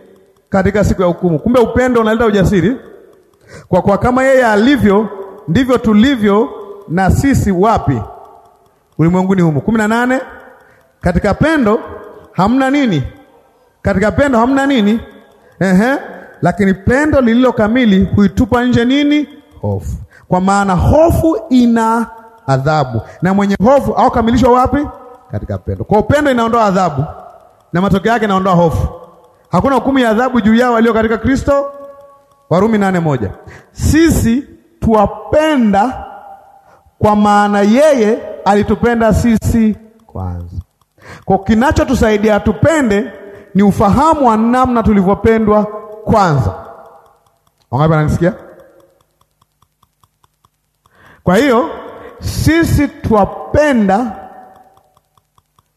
katika siku ya hukumu. Kumbe upendo unaleta ujasiri, kwa kuwa kama yeye alivyo ndivyo tulivyo na sisi wapi? Ulimwenguni humo. kumi na nane katika pendo hamna nini? Katika pendo hamna nini? Ehe, lakini pendo lililo kamili huitupa nje nini? Hofu, kwa maana hofu ina adhabu, na mwenye hofu au kamilishwa wapi? Katika pendo. Kwa pendo inaondoa adhabu na matokeo yake inaondoa hofu. Hakuna hukumu ya adhabu juu yao walio katika Kristo, Warumi nane moja. Sisi kuwapenda kwa maana yeye alitupenda sisi kwanza. Kwa kinachotusaidia tupende ni ufahamu wa namna tulivyopendwa kwanza. Wangapi wananisikia? Kwa hiyo sisi twapenda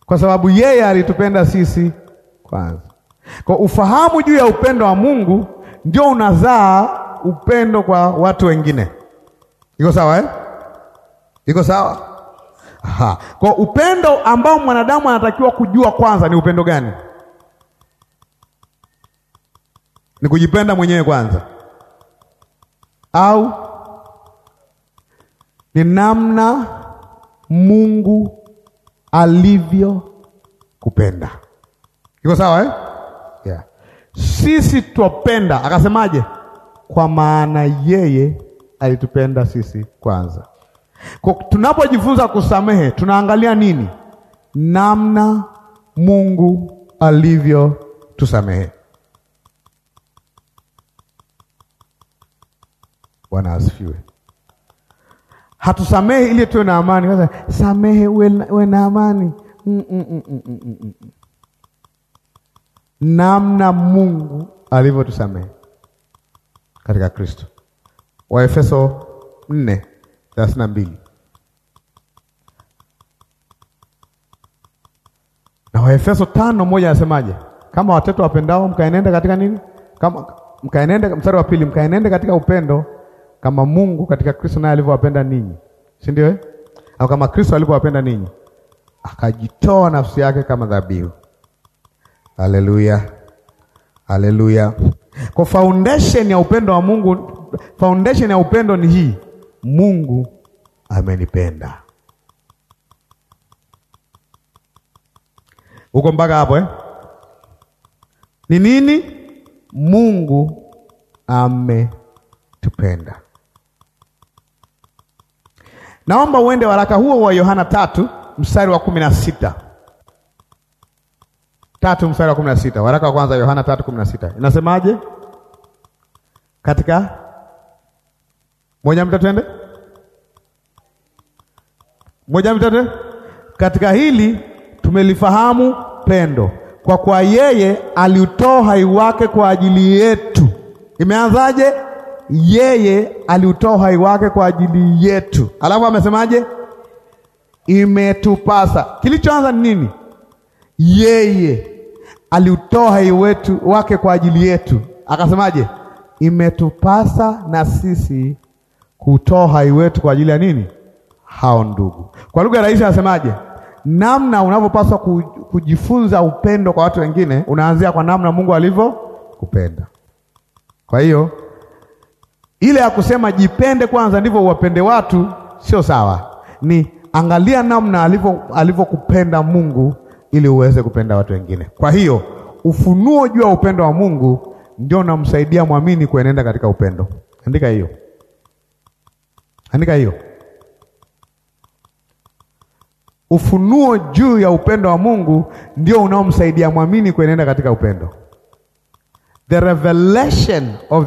kwa sababu yeye alitupenda sisi kwanza. Kwa ufahamu juu ya upendo wa Mungu ndio unazaa upendo kwa watu wengine. Iko sawa eh? Iko sawa ha. Kwa upendo ambao mwanadamu anatakiwa kujua kwanza ni upendo gani? Ni kujipenda mwenyewe kwanza, au ni namna Mungu alivyo kupenda? Iko sawa eh? Yeah. Sisi twapenda akasemaje? Kwa maana yeye alitupenda sisi kwanza. Kwa tunapojifunza kusamehe, tunaangalia nini? Namna Mungu alivyo tusamehe Bwana asifiwe. Hatusamehe ili tuwe na amani. Kwanza samehe, uwe na amani. Mm mm, mm -mm -mm -mm -mm. Namna Mungu alivyotusamehe katika Kristo. Waefeso 4:32 na Waefeso tano moja anasemaje? Kama watoto wapendao mkaenenda katika nini? Kama mkaenenda, mstari wa pili, mkaenenda katika upendo kama Mungu katika Kristo naye alivyowapenda ninyi, si ndio? Eh, au kama Kristo alivyowapenda ninyi akajitoa nafsi yake kama dhabihu. Haleluya, haleluya! Kwa foundation ya upendo wa Mungu foundation ya upendo ni hii, Mungu amenipenda. Uko mpaka hapo eh? Ni nini? Mungu ametupenda. Naomba uende waraka huo wa Yohana tatu mstari wa kumi na sita tatu mstari wa kumi na sita waraka wa kwanza Yohana tatu kumi na sita inasemaje katika moja mtatende moja mtatende. Katika hili tumelifahamu pendo, kwa kuwa yeye aliutoa uhai wake kwa ajili yetu. Imeanzaje? Yeye aliutoa uhai wake kwa ajili yetu, alafu amesemaje? Imetupasa. Kilichoanza ni nini? Yeye aliutoa uhai wetu wake kwa ajili yetu, akasemaje? Imetupasa na sisi kutoa uhai wetu kwa ajili ya nini? Hao ndugu. Kwa lugha rahisi anasemaje? Namna unavyopaswa kujifunza upendo kwa watu wengine unaanzia kwa namna Mungu alivyo kupenda. Kwa hiyo ile ya kusema jipende kwanza ndivyo uwapende watu sio sawa, ni angalia namna alivyo alivyokupenda Mungu ili uweze kupenda watu wengine. Kwa hiyo ufunuo juu ya upendo wa Mungu ndio unamsaidia mwamini kuenenda katika upendo. Andika hiyo. Andika hiyo ufunuo juu ya upendo wa Mungu ndio unaomsaidia mwamini kuenenda katika upendo. The revelation of the